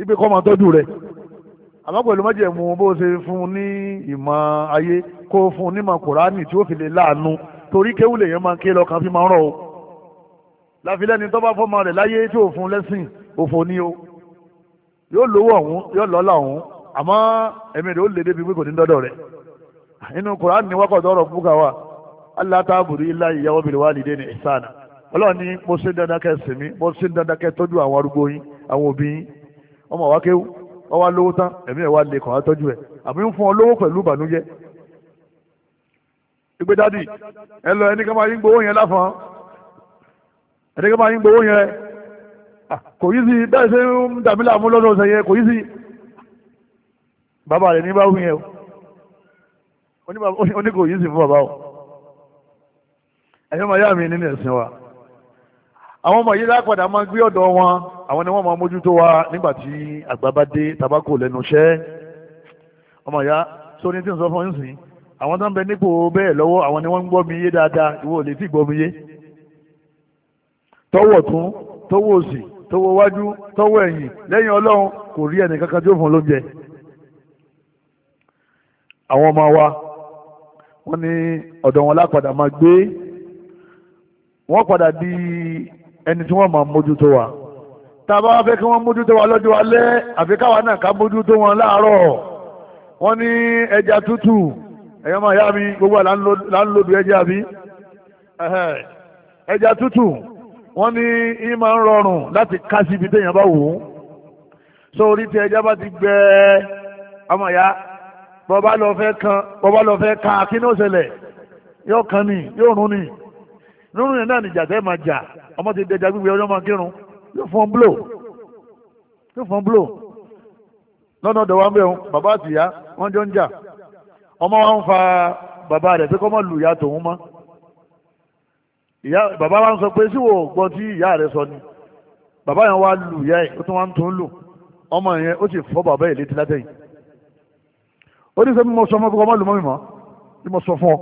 ibi kọ́ máa tọ́jú rẹ̀ àmọ́ pẹ̀lú májẹ̀mú bó ṣe fún ní ìmọ̀ ayé kó fún nímọ̀ kùránì tí ó fi lè láàánú torí kéwùlẹ̀ yẹn máa ké lọ́kàn fi máa ń rọ̀ o láfi lẹ́ni tó bá fọ́mọ rẹ̀ láyé tí ò fún lẹ́sìn òfò ni o. yóò lówó ọ̀hún yóò lọ́lá ọ̀hún àmọ́ ẹ̀mí rẹ̀ ó lè débi pé kò ní dọ́dọ̀ rẹ̀ inú Qur'an ni wákọ̀ tọrọ búkà wa Allah ta'budu illa iyyahu bil walidayni ihsana ọlọ́run ní mo ṣe dandan kẹ́ sìn mo ṣe dandan kẹ́ tọ́jú àwọn arúgbó yín àwọn òbí yín ọmọ wa wá lówó tán ẹ̀mí ẹ̀ wá lè kàn kò yí sí bẹ́ẹ̀ ṣe ń dàbí láàmú lọ́dọ̀ ọ̀sẹ̀ yẹn kò yí sí bàbá rẹ̀ ní bá wí yẹn o oníkò yí sí fún bàbá o ẹ̀yọ́ màá yá mi nínú ẹ̀sìn wa àwọn ọmọ yìí lápadà máa gbé ọ̀dọ̀ wọn àwọn ni wọ́n máa mójútó wa nígbà tí àgbà bá dé tabako lẹ́nu iṣẹ́ ọmọ ìyá sóní tí ń sọ fún yín sìn àwọn tó ń bẹ nípò bẹ́ẹ̀ lọ́wọ́ àwọn ni wọ́n ń gbọ́ mi yé dáadáa ìwọ ò lè ti gbọ́ mi yé tọwọ́ tún tọwọ́ òsì tọwọ́ wájú tọwọ́ ẹ̀yìn lẹ́yìn ọlọ́run kò rí ẹnì kankan tí ó fún lóúnjẹ. àwọn ọmọ wa wọ́n ní ọ̀dọ̀ wọn lápadà máa gbé wọ́n padà di ẹni tí wọ́n máa mójútó wa tá a bá wá fẹ́ kí wọ́n mójútó wa lọ́jọ́ alẹ́ àfi káwa náà ká mójútó wọn láàárọ̀ wọ́n ní ẹja tútù ẹ̀yọ́ máa yá mi gbogbo à láńlòdù ẹja mi ẹja tútù wọ́n ní í máa ń rọrùn láti ká síbi téèyàn bá wò ó so orí tí ẹja bá ti gbẹ ọmọ ìyá bọ́bá lọ fẹ́ kan bọ́bá lọ fẹ́ ka kí ní ó ṣẹlẹ̀ yóò kan ni yóò rún ni nínú yẹn náà nìjà tẹ́ máa jà ọmọ ti dẹja gbígbé ọjọ́ máa kírun yóò fọ́n blò yóò fọ́n blò lọ́nà ọ̀dọ̀ wa ń bẹ̀ wọn bàbá àtìyá wọ́n jọ ń jà ọmọ wa ń fa bàbá rẹ̀ pé kọ́ mọ̀ lù tòun mọ́ ìyá bàbá wa ń sọ pé sí wo gbọ́ tí ìyá rẹ sọ ni bàbá yẹn wá lù ìyá ẹ̀ ó tún wá ń tún lù ọmọ yẹn ó sì fọ́ bàbá ẹ̀ létí látẹ̀yìn ó ní sẹ́mi mo sọ ọmọ kókó ọmọ lùmọ́ mi mọ́ bí mo sọ fún ọ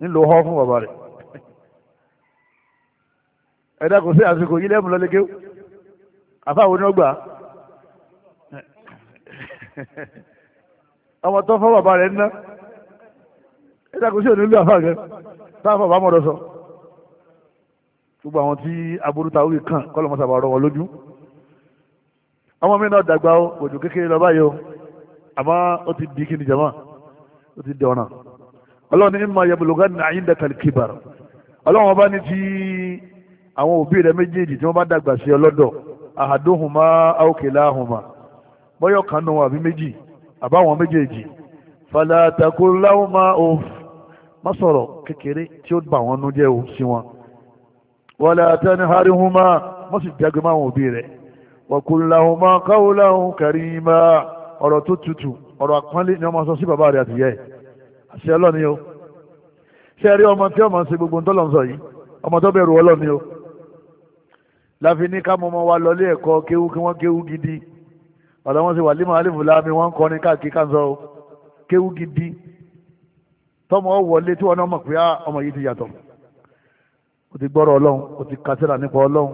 nílò họ́ fún bàbá rẹ̀ ẹ dákun sí àsìkò yìí lẹ́mú lọ́lẹ́gẹ́ àfáwọn onígbà ọmọ tó fọ́ bàbá rẹ̀ ń ná ẹ dákun sí òní lù táwọn bàbá mọ̀ gbogbo àwọn tí aburú ta wí kàn kọ́ lọ́mọ́sá bá rọ wọn lójú ọmọ mi náà dàgbà ó òjò kékeré lọ báyìí o àmọ́ ó ti di kíni jama ó ti dọ̀nà ọlọ́run ní ma yabologá ní àyíǹda kàlíkìbàrà ọlọ́run ọba ní ti àwọn òbí rẹ méjèèjì tí wọ́n bá dàgbà sí ọlọ́dọ̀ àhàdóhùnmá àókèláhùnmá bọ́yọ̀ kanú àbí méjì àbáwọn méjèèjì fàlàtàkùnláhùnmá òf má sọ̀rọ̀ kékeré tí ó bà wọ́n nú jẹ́ o sí wọn wọ́n àtẹ́ni harihuma wọ́n sì jẹ́gbẹ́ máa wọn òbí rẹ̀ wọ̀kùnláhùnmá káwùláhùn kàríma ọ̀rọ̀ tó tutù ọ̀rọ̀ àpọ́nlé ni ọmọ sọ sí bàbá rẹ̀ àtìyẹ́ àṣẹ ọlọ́ni o ṣe rí ọmọ tí ọmọ ń ṣe gbogbo ntọ́lọ̀ ń sọ yìí ọmọ tó bẹ̀rù ọlọ́ni o láfi ní ká mọ́mọ́ wa lọlé ẹ̀kọ́ kéwú kí wọ́n kéwú gidi ọ̀dọ̀ wọn sì wà límọ̀ alẹ́ fúlàmì wọn kọrin káàkiri káńsọ kéwú gidi tọmọ wọlé tí wọn náà mọ̀ pé ah, ọmọ yìí ti yàtọ̀ o ti gbọ́rọ̀ ọlọ́run o ti kásẹ̀rà nípa ọlọ́run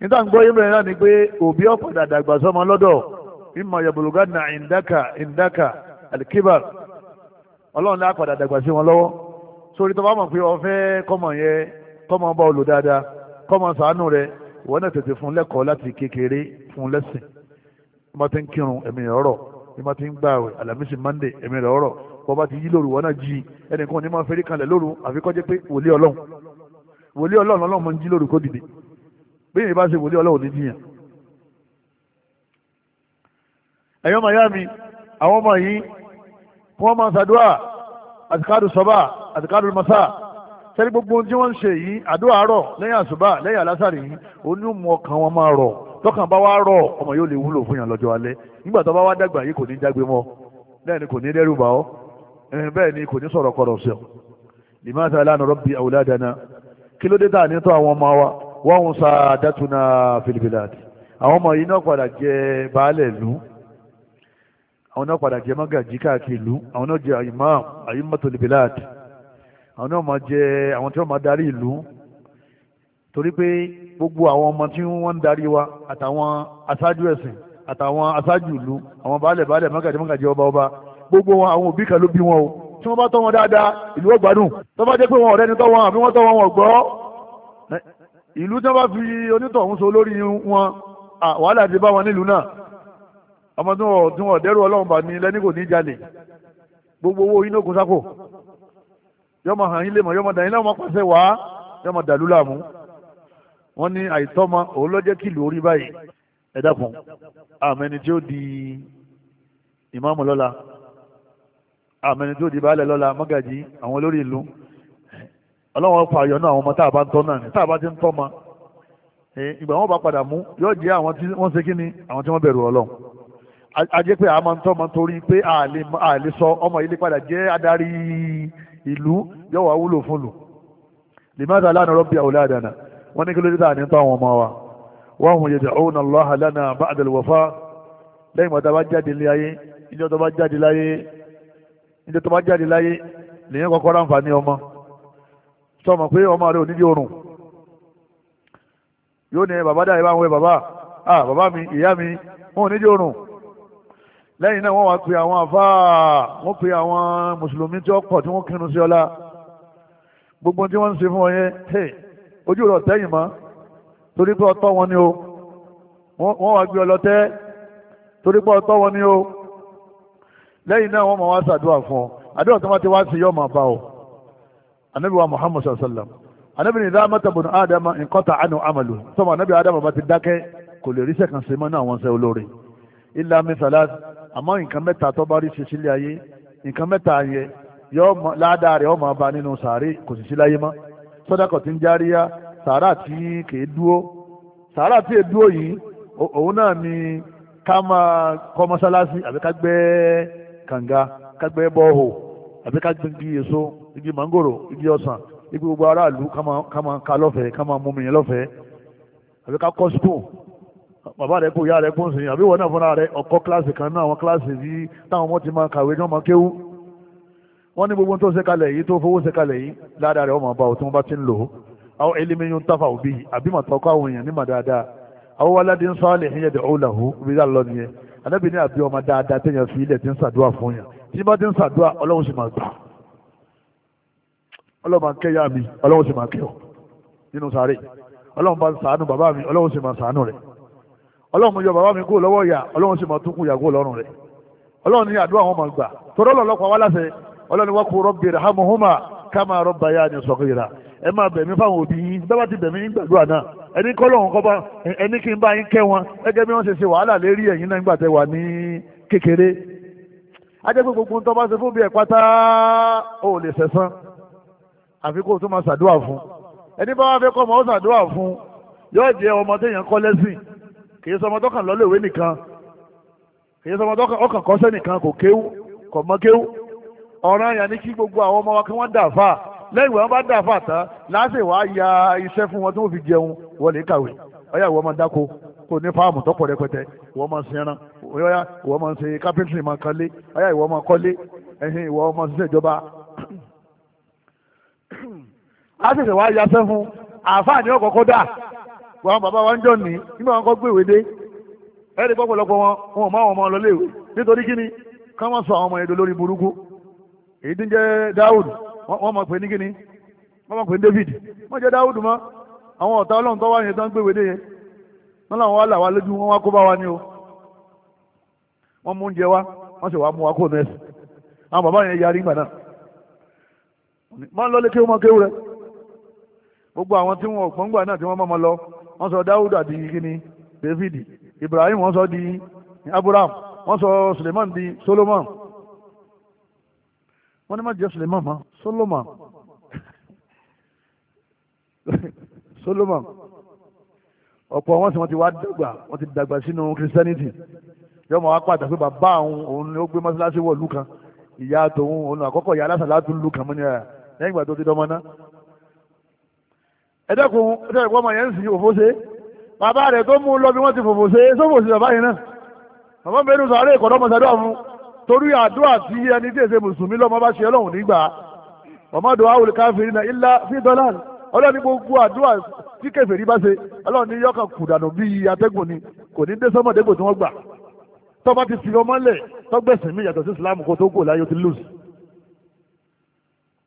nígbà ń gbọ́ yíbẹ̀rẹ̀ náà ni pé òbí ọ̀padà dàgbà sọ́mọ lọ́dọ̀ mímọ yabuluga na indaka indaka alikiba. ọlọ́run náà padà dàgbà sí wọn lọ́wọ́ sórí tó bá mọ̀ pé ọ̀fẹ́ kọ́mọ yẹ kọ́mọ bá olù dáadáa kọ́mọ sàánú rẹ ìwọ náà tètè fún lẹ́kọ̀ọ́ láti kékeré fún lẹ́sìn bí ti ń kírun ẹ̀mí mande ẹ̀mí ọ̀rọ̀ bọ́ bá ti yí lóru wọn náà jí ẹnìkan ní máa wòlíì ọlọ́run ọlọ́run mọ̀ ń jí kó dìde bí èyí bá ṣe wòlíì ọlọ́run ní jiyàn. ẹ̀yọ́ ọmọ ìyá mi àwọn ọmọ yìí kí wọ́n máa ṣàdúrà àtìkádù sọ́bà àtìkádù gbogbo ohun wọ́n ń ṣe yìí àdúrà àárọ̀ lẹ́yìn àṣùbà lẹ́yìn ni kò ní dẹ́rù bẹ́ẹ̀ ni kò ní sọ̀rọ̀ kọ̀rọ̀ kí ló dé tà ní tó àwọn ọmọ wa wọ́n ń sa àdátúná filibiladi àwọn ọmọ yìí náà padà jẹ baálẹ̀ ìlú àwọn náà padà jẹ mágàjí káàkiri ìlú àwọn náà jẹ imam àyímọ́tò libiladi àwọn náà máa jẹ àwọn tí wọ́n máa darí ìlú torí pé gbogbo àwọn ọmọ tí wọ́n ń darí wa àtàwọn aṣáájú ẹ̀sìn àtàwọn aṣáájú ìlú àwọn baálẹ̀ baálẹ̀ mágàjí mágàjí ọba ọba gbogbo àwọn òbí kan ló bí wọn o tí wọ́n bá tọ́ wọn dáadáa ìlú ọgbàdùn tó bá jẹ́ pé wọn ọ̀rẹ́ ni tọ́ wọn àbí wọ́n tọ́ wọn ọ̀gbọ́ ìlú tí wọ́n bá fi onítọ̀hún so lórí wọn wàhálà ti bá wọn nílùú náà ọmọ tí wọn tí wọn dẹ́rù ọlọ́run bá ní lẹ́ni kò ní jalè gbogbo owó inú okun sáko yọmọ hàn yín mọ yọmọ dàn yín láwọn pàṣẹ wá yọmọ dàlú làmú wọn ní àìtọ́mọ òun ló jẹ́ kìlú orí báyìí ẹ dákun àmẹ́ni tí ó di ìmáàmù lọ́la àmẹni tó di baálẹ̀ lọ́la mọ́gàjì àwọn olórí ìlú ọlọ́wọ́n fa àyọ̀nà àwọn ọmọ tá a bá ń tọ́ náà ní tá a bá ti ń tọ́ ma ìgbà wọn bá padà mú yóò jẹ́ àwọn tí wọ́n ṣe kí ni àwọn tí wọ́n bẹ̀rù ọlọ́run ajẹ́ pé àmọ́ ń tọ́ ma torí pé a lè sọ ọmọ ilé padà jẹ́ adarí ìlú yóò wá wúlò fún lù lèmọ́tà lánàá rọ́bì àwòládàna wọ́n ní kí ló dé ní tọ́ àwọn ọmọ wa wọ́n hùn yẹ̀dẹ̀ ọ̀hún Allah lánàá bá àdàlùwọ̀fá lẹ́yìn níjọ́ tó bá jáde láyé lèyìn kọ́kọ́ ráǹfààní ọmọ sọmọ pé ọmọ rẹ ò nídìí oorun yóò ní bàbá dáhìí bá ń wẹ bàbá ah bàbá mi ìyá mi wọn ò nídìí oorun lẹ́yìn náà wọ́n wá pe àwọn àfáà wọ́n pe àwọn mùsùlùmí tí wọ́n pọ̀ tí wọ́n kírun sí ọlá gbogbo tí wọ́n ń ṣe fún ọ yẹn ojú rẹ̀ ọ̀tẹ́yìn mọ́ torí pé ọtọ́ wọn ni o wọ́n wá gbé ọlọ́tẹ́ torí pé ọtọ́ wọn ni o lẹ́yìn náà wọ́n máa wá sàdúrà fún ọ àdúrà tó máa ti wá sí yọ máa bá ọ anabi wa muhammad sallam anabi ni dáa mẹ́ta bùnú ádámà anu àánú amalu tọ́mọ anabi ádámà bá ti dákẹ́ kò lè ríṣẹ́ kan sí mọ́ náà wọ́n sẹ́ olóore ilá mi sàlá àmọ́ nǹkan mẹ́ta tó bá rí ṣe sílé ayé nǹkan mẹ́ta yẹ yọ ládàá rẹ̀ ọ máa bá nínú sàárè kò sì sí láyé mọ́ sọ́dákọ̀ tí ń járíyá sàárà tí kìí dúó sàárà tí èdúó yìí òun náà ni ká máa kọ́ mọ́sálásí àbí ká gbẹ́ẹ́ kànga kágbẹ́ bọ́ọ̀hò àbí kágbẹ́ igi èso igi mangoro igi ọ̀sán igi gbogbo aráàlú ká máa ka lọ́fẹ̀ẹ́ ká máa mú mi yẹn lọ́fẹ̀ẹ́ àbí ká kọ́ skul bàbá rẹ kò yá rẹ kó ń sìn àbí wọn náà fúnra rẹ ọkọ kíláàsì kan náà àwọn kíláàsì yìí táwọn ọmọ ti máa kàwé ní ọmọ kéwú wọn ní gbogbo tó ṣe kalẹ̀ yìí tó fowó ṣe kalẹ̀ yìí ládàá rẹ ọmọ ọba òtún bá ti ń lò ó àwọn elémiyún tafa òbí àbí màtọkọ àwọn èèyàn ní màdáadáa àwọn wàládìí ń sọ àlẹ ìyẹn dẹ ọwọ làwọ ibi dá lọ nìyẹn anábì ní àbí ọmọ dáadáa téèyàn fi ilẹ̀ tí ń sàdúrà fún yàn tí bá ti ń sàdúrà ọlọ́run sì máa gbà ọlọ́run máa ń kẹ́yà mi ọlọ́run sì máa kẹ́ ọ nínú sáré ọlọ́run bá ń sàánú bàbá mi ọlọ́run sì máa sàánú rẹ̀ ọlọ́run yọ bàbá mi kúrò lọ́wọ́ ìyà ọlọ́run sì máa tún kú ìyàgò lọ́rùn rẹ̀ ọlọ́run ní àdúrà wọn máa gbà tọ́lọ́ lọ́lọ́pàá wá láṣẹ ọlọ́run wá kú rọ́bì rẹ̀ hámuhùmá ká máa rọ́bà yá ni sọ̀kìrà ẹ máa bẹ̀mí fáwọn òbí yín bẹ́ẹ̀ bá ti bẹ̀mí gbàdúrà náà ẹni kọ́ lọ́hùn kọ́ba ẹni kí n bá yín kẹ́ wọn gẹ́gẹ́ bí wọ́n ṣe ṣe wàhálà lérí ẹ̀yìn náà nígbà tẹ wà ní kékeré ajẹ́pẹ́ gbogbo ń tọ́ba ṣe fún bí ẹ̀ pátá ò lè sẹ̀sán àfi kó o tún máa ṣàdúrà fún ẹni bá wá fẹ́ kọ́ ọmọ ó ṣàdúrà fún yóò jẹ́ ọmọ téèyàn kọ́ lẹ́sìn kì í sọmọ tọkàn lọ́lẹ̀wé nìkan kì í ọmọ wa kí wọ́n lẹ́yìn wọn bá dà fà tán láṣẹ wàá ya iṣẹ́ fún wọn tí fi jẹun wọ́n lè kàwé ọ̀yà ìwọ máa dáko kò ní fáàmù tọ́pọ̀ rẹpẹtẹ ìwọ máa sin ẹran ọ̀yà ìwọ máa ṣe kápẹ́ntìrì máa kan ọ̀yà ìwọ máa kọ́ ẹ̀hìn ìwọ máa ṣiṣẹ́ ìjọba. a ṣẹ̀ṣẹ̀ wá yasẹ́ fún àfáàní ọ̀kọ̀ọ̀kọ̀ dà wọn bàbá wa ń jọ ní nígbà wọn kọ́ gbé ìwé dé ẹ̀rí pọ̀pọ̀lọpọ̀ wọn wọn ò má wọn ọmọ lọ léèwé nítorí kíni ká má sọ àwọn ọmọ ẹ̀dọ̀ lórí burúkú èyí tí ń jẹ́ Dáúdù wọ́n mọ̀ pé ní kíni wọ́n mọ̀ pé ní David wọ́n jẹ́ Dáúdù mọ́ àwọn ọ̀tá ọlọ́run tó wá yẹn tó ń gbé wèlé yẹn wọ́n làwọn wá là wá lójú wọn wá kó bá wa ní o wọ́n mú oúnjẹ wá wọ́n sì wá mú wa kó nù ẹ̀sìn àwọn bàbá yẹn yarí gbà náà máa ń lọ lékè ọmọ kéwù rẹ gbogbo àwọn tí wọn ọ̀gbọ́n gbà náà tí wọ́n mọ́ lọ wọ́n sọ dáúdà di kíni david ibrahim wọ́n sọ di abraham wọ́n sọ suleiman di solomon wọ́n ní má jẹ́ suleiman mọ́ solomon Solomon ọ̀pọ̀ wọn sì wọ́n ti wá dàgbà wọ́n ti dàgbà sínú Christianity yọ ọmọ wa pàtàkì pé bàbá òun òun ni ó gbé mọ́ṣáláṣí wọ̀ lù kan ìyá tòun òun àkọ́kọ́ ìyá aláṣà látún lù kan mọ́ ní ara lẹ́yìn ìgbà tó ti dọ́mọ náà ẹ dẹ́kun ẹ dẹ́kun ọmọ yẹn ń sìn òfò ṣe bàbá rẹ̀ tó mú un lọ bí wọ́n ti fòfò ṣe sófò sí bàbá yẹn náà bàbá mi bẹ́ẹ̀ sọ̀rọ̀ ẹ̀kọ́ lọ́mọ sàdúrà fún torí àdúrà tí ẹni tí èsè mùsùlùmí lọ́mọ bá ṣe ọlọ́run nígbà ọmọdé wa wòlíkà fìrìnà ilá fi dọ́là ọlọ́run ní gbogbo àdúrà tí kèfèrí bá ṣe ọlọ́run ní yọkàn kù dànù bíi atẹ́gùn ni kò ní dé sọ́mọ̀dégbò tí wọ́n gbà tọ́ba ti fi ọmọ lẹ̀ tọ́gbẹ̀sìn mi yàtọ̀ sí islam kó tó kò láyé ó ti lùs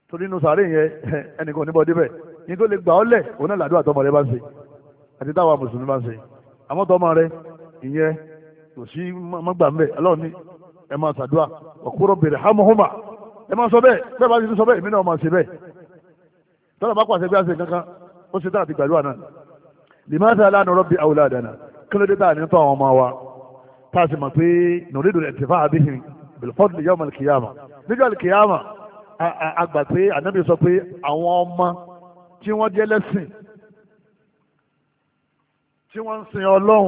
torí inú sàárè yẹn ẹnìkan ò ní bọ́ débẹ̀ ní tó lè gbà ọ́ lẹ̀ òun náà làdúrà tọmọ rẹ bá ń ṣe àti táwa mùsùlùmí bá ń ṣe àmọ́ tọmọ rẹ ìyẹn kò sí mọ́gbà ń ọlọ́run ní ẹ máa ṣàdúrà ọ̀kúrọ̀ bèrè hámọ́húmà ẹ máa sọ bẹ́ẹ̀ bẹ́ẹ̀ bá ti sọ bẹ́ẹ̀ èmi náà máa ṣe bẹ́ẹ̀ tọ́lọ̀ bá pàṣẹ bí a ṣe kankan ó ṣe tàbí gbàdúrà náà lèmọ́sẹ̀ aláàánú rọ́bì àwòládàna kí ló dé tà ní tọ́ àwọn ọmọ wa tá a sì mọ̀ pé nùrídùn ẹ̀tìfà àbíhìn bìlfọ́dù yọmọ kìyàmà níjọ́ kìyàmà àgbà pé ànábì sọ pé àwọn ọmọ tí wọ́n jẹ́ lẹ́sìn tí wọ́n ń sin ọlọ́run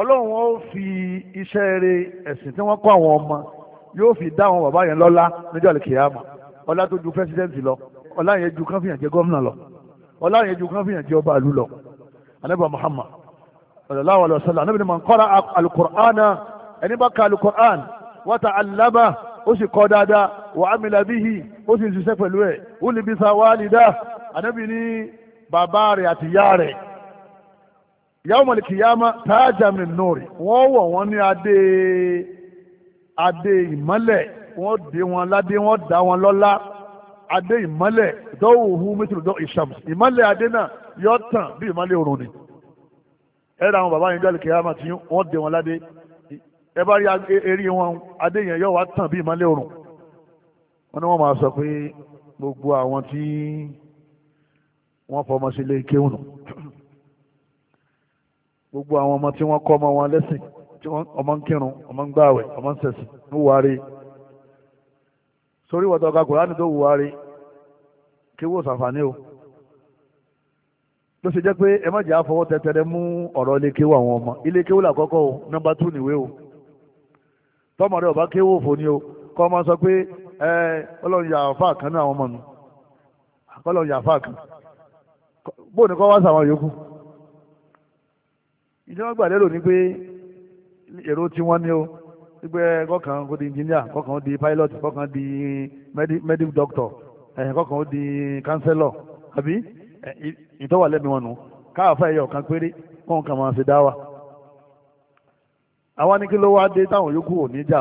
ọlọ́run ó fi iṣẹ́ rere ẹ̀sìn tí wọ́n kọ́ àwọn ọmọ yóò fi dá àwọn bàbá yẹn lọ́lá níjọ́ kìyàmà ọlá tó ju pẹ́sidẹ́ǹtì lọ ọlá yẹn ju kán fìyàn jẹ gómìnà lọ ọlá yẹn ju kán fìyàn jẹ ọba àlú lọ anabi muhammad sallallahu alayhi wa sallam anabi man qara alukur'ana ẹni bá ka alukur'an wa ta'allama ó sì kọ́ dáadáa wa amila bihi ó sì ṣiṣẹ́ pẹ̀lú ẹ̀ ó lè bisa walida anabi ní bàbá rẹ̀ àti ìyá rẹ̀ yawmal qiyama taja min nuri wọ́n wọ̀ wọ́n ní adé adé ìmọ́lẹ̀ wọ́n dé wọn ládé wọ́n dá wọn lọ́lá adé ìmọ́lẹ̀ dọ́wọ́hu mẹ́tìrì dọ́ ìṣàmù ìmọ́lẹ̀ adé náà yọ tàn bí ìmọ́lẹ̀ òrùn ni ẹ ra àwọn bàbá yẹn jọ́lẹ̀ kìyàmà tí wọ́n dé wọn ládé ẹ bá rí e, eré wọn adé yẹn yọ wá tàn bí ìmọ́lẹ̀ òrùn wọn ni wọ́n máa sọ pé gbogbo àwọn tí wọ́n fọmọ sílé kéwùn gbogbo àwọn ọmọ tí wọ́n kọ́ ọmọ wọn lẹ́sìn ọmọ ń kírun ọmọ ń gbààwẹ̀ ọmọ ń ṣẹ̀sìn ń wárí sorí wọ́tọ̀ ọ̀gá kùránì tó wù wá rí kí wò sàǹfààní o ló ṣe jẹ́ pé ẹ má jẹ́ àfọwọ́ tẹtẹrẹ mú ọ̀rọ̀ ilé àwọn ọmọ ilé làkọ́kọ́ o tú nìwé o tọ́mọ ọba kéwù òfò o sọ pé ẹ ọlọ́run yà kan náà àwọn ọmọ nù ọlọ́run kan kọ́ wá sàwọn yòókù ìjọba pé o wípé kọkàn kó di engineer kọkàn ó di pilot kọkàn di medic doctor kọkàn di counselor àbí ìtọ́wà lẹ́nu wọn nù káàfà ẹ̀yọ̀ kan péré kọ́n kàn máa ṣe dá wa. àwa ní kí ló wá dé táwọn yòókù ò ní jà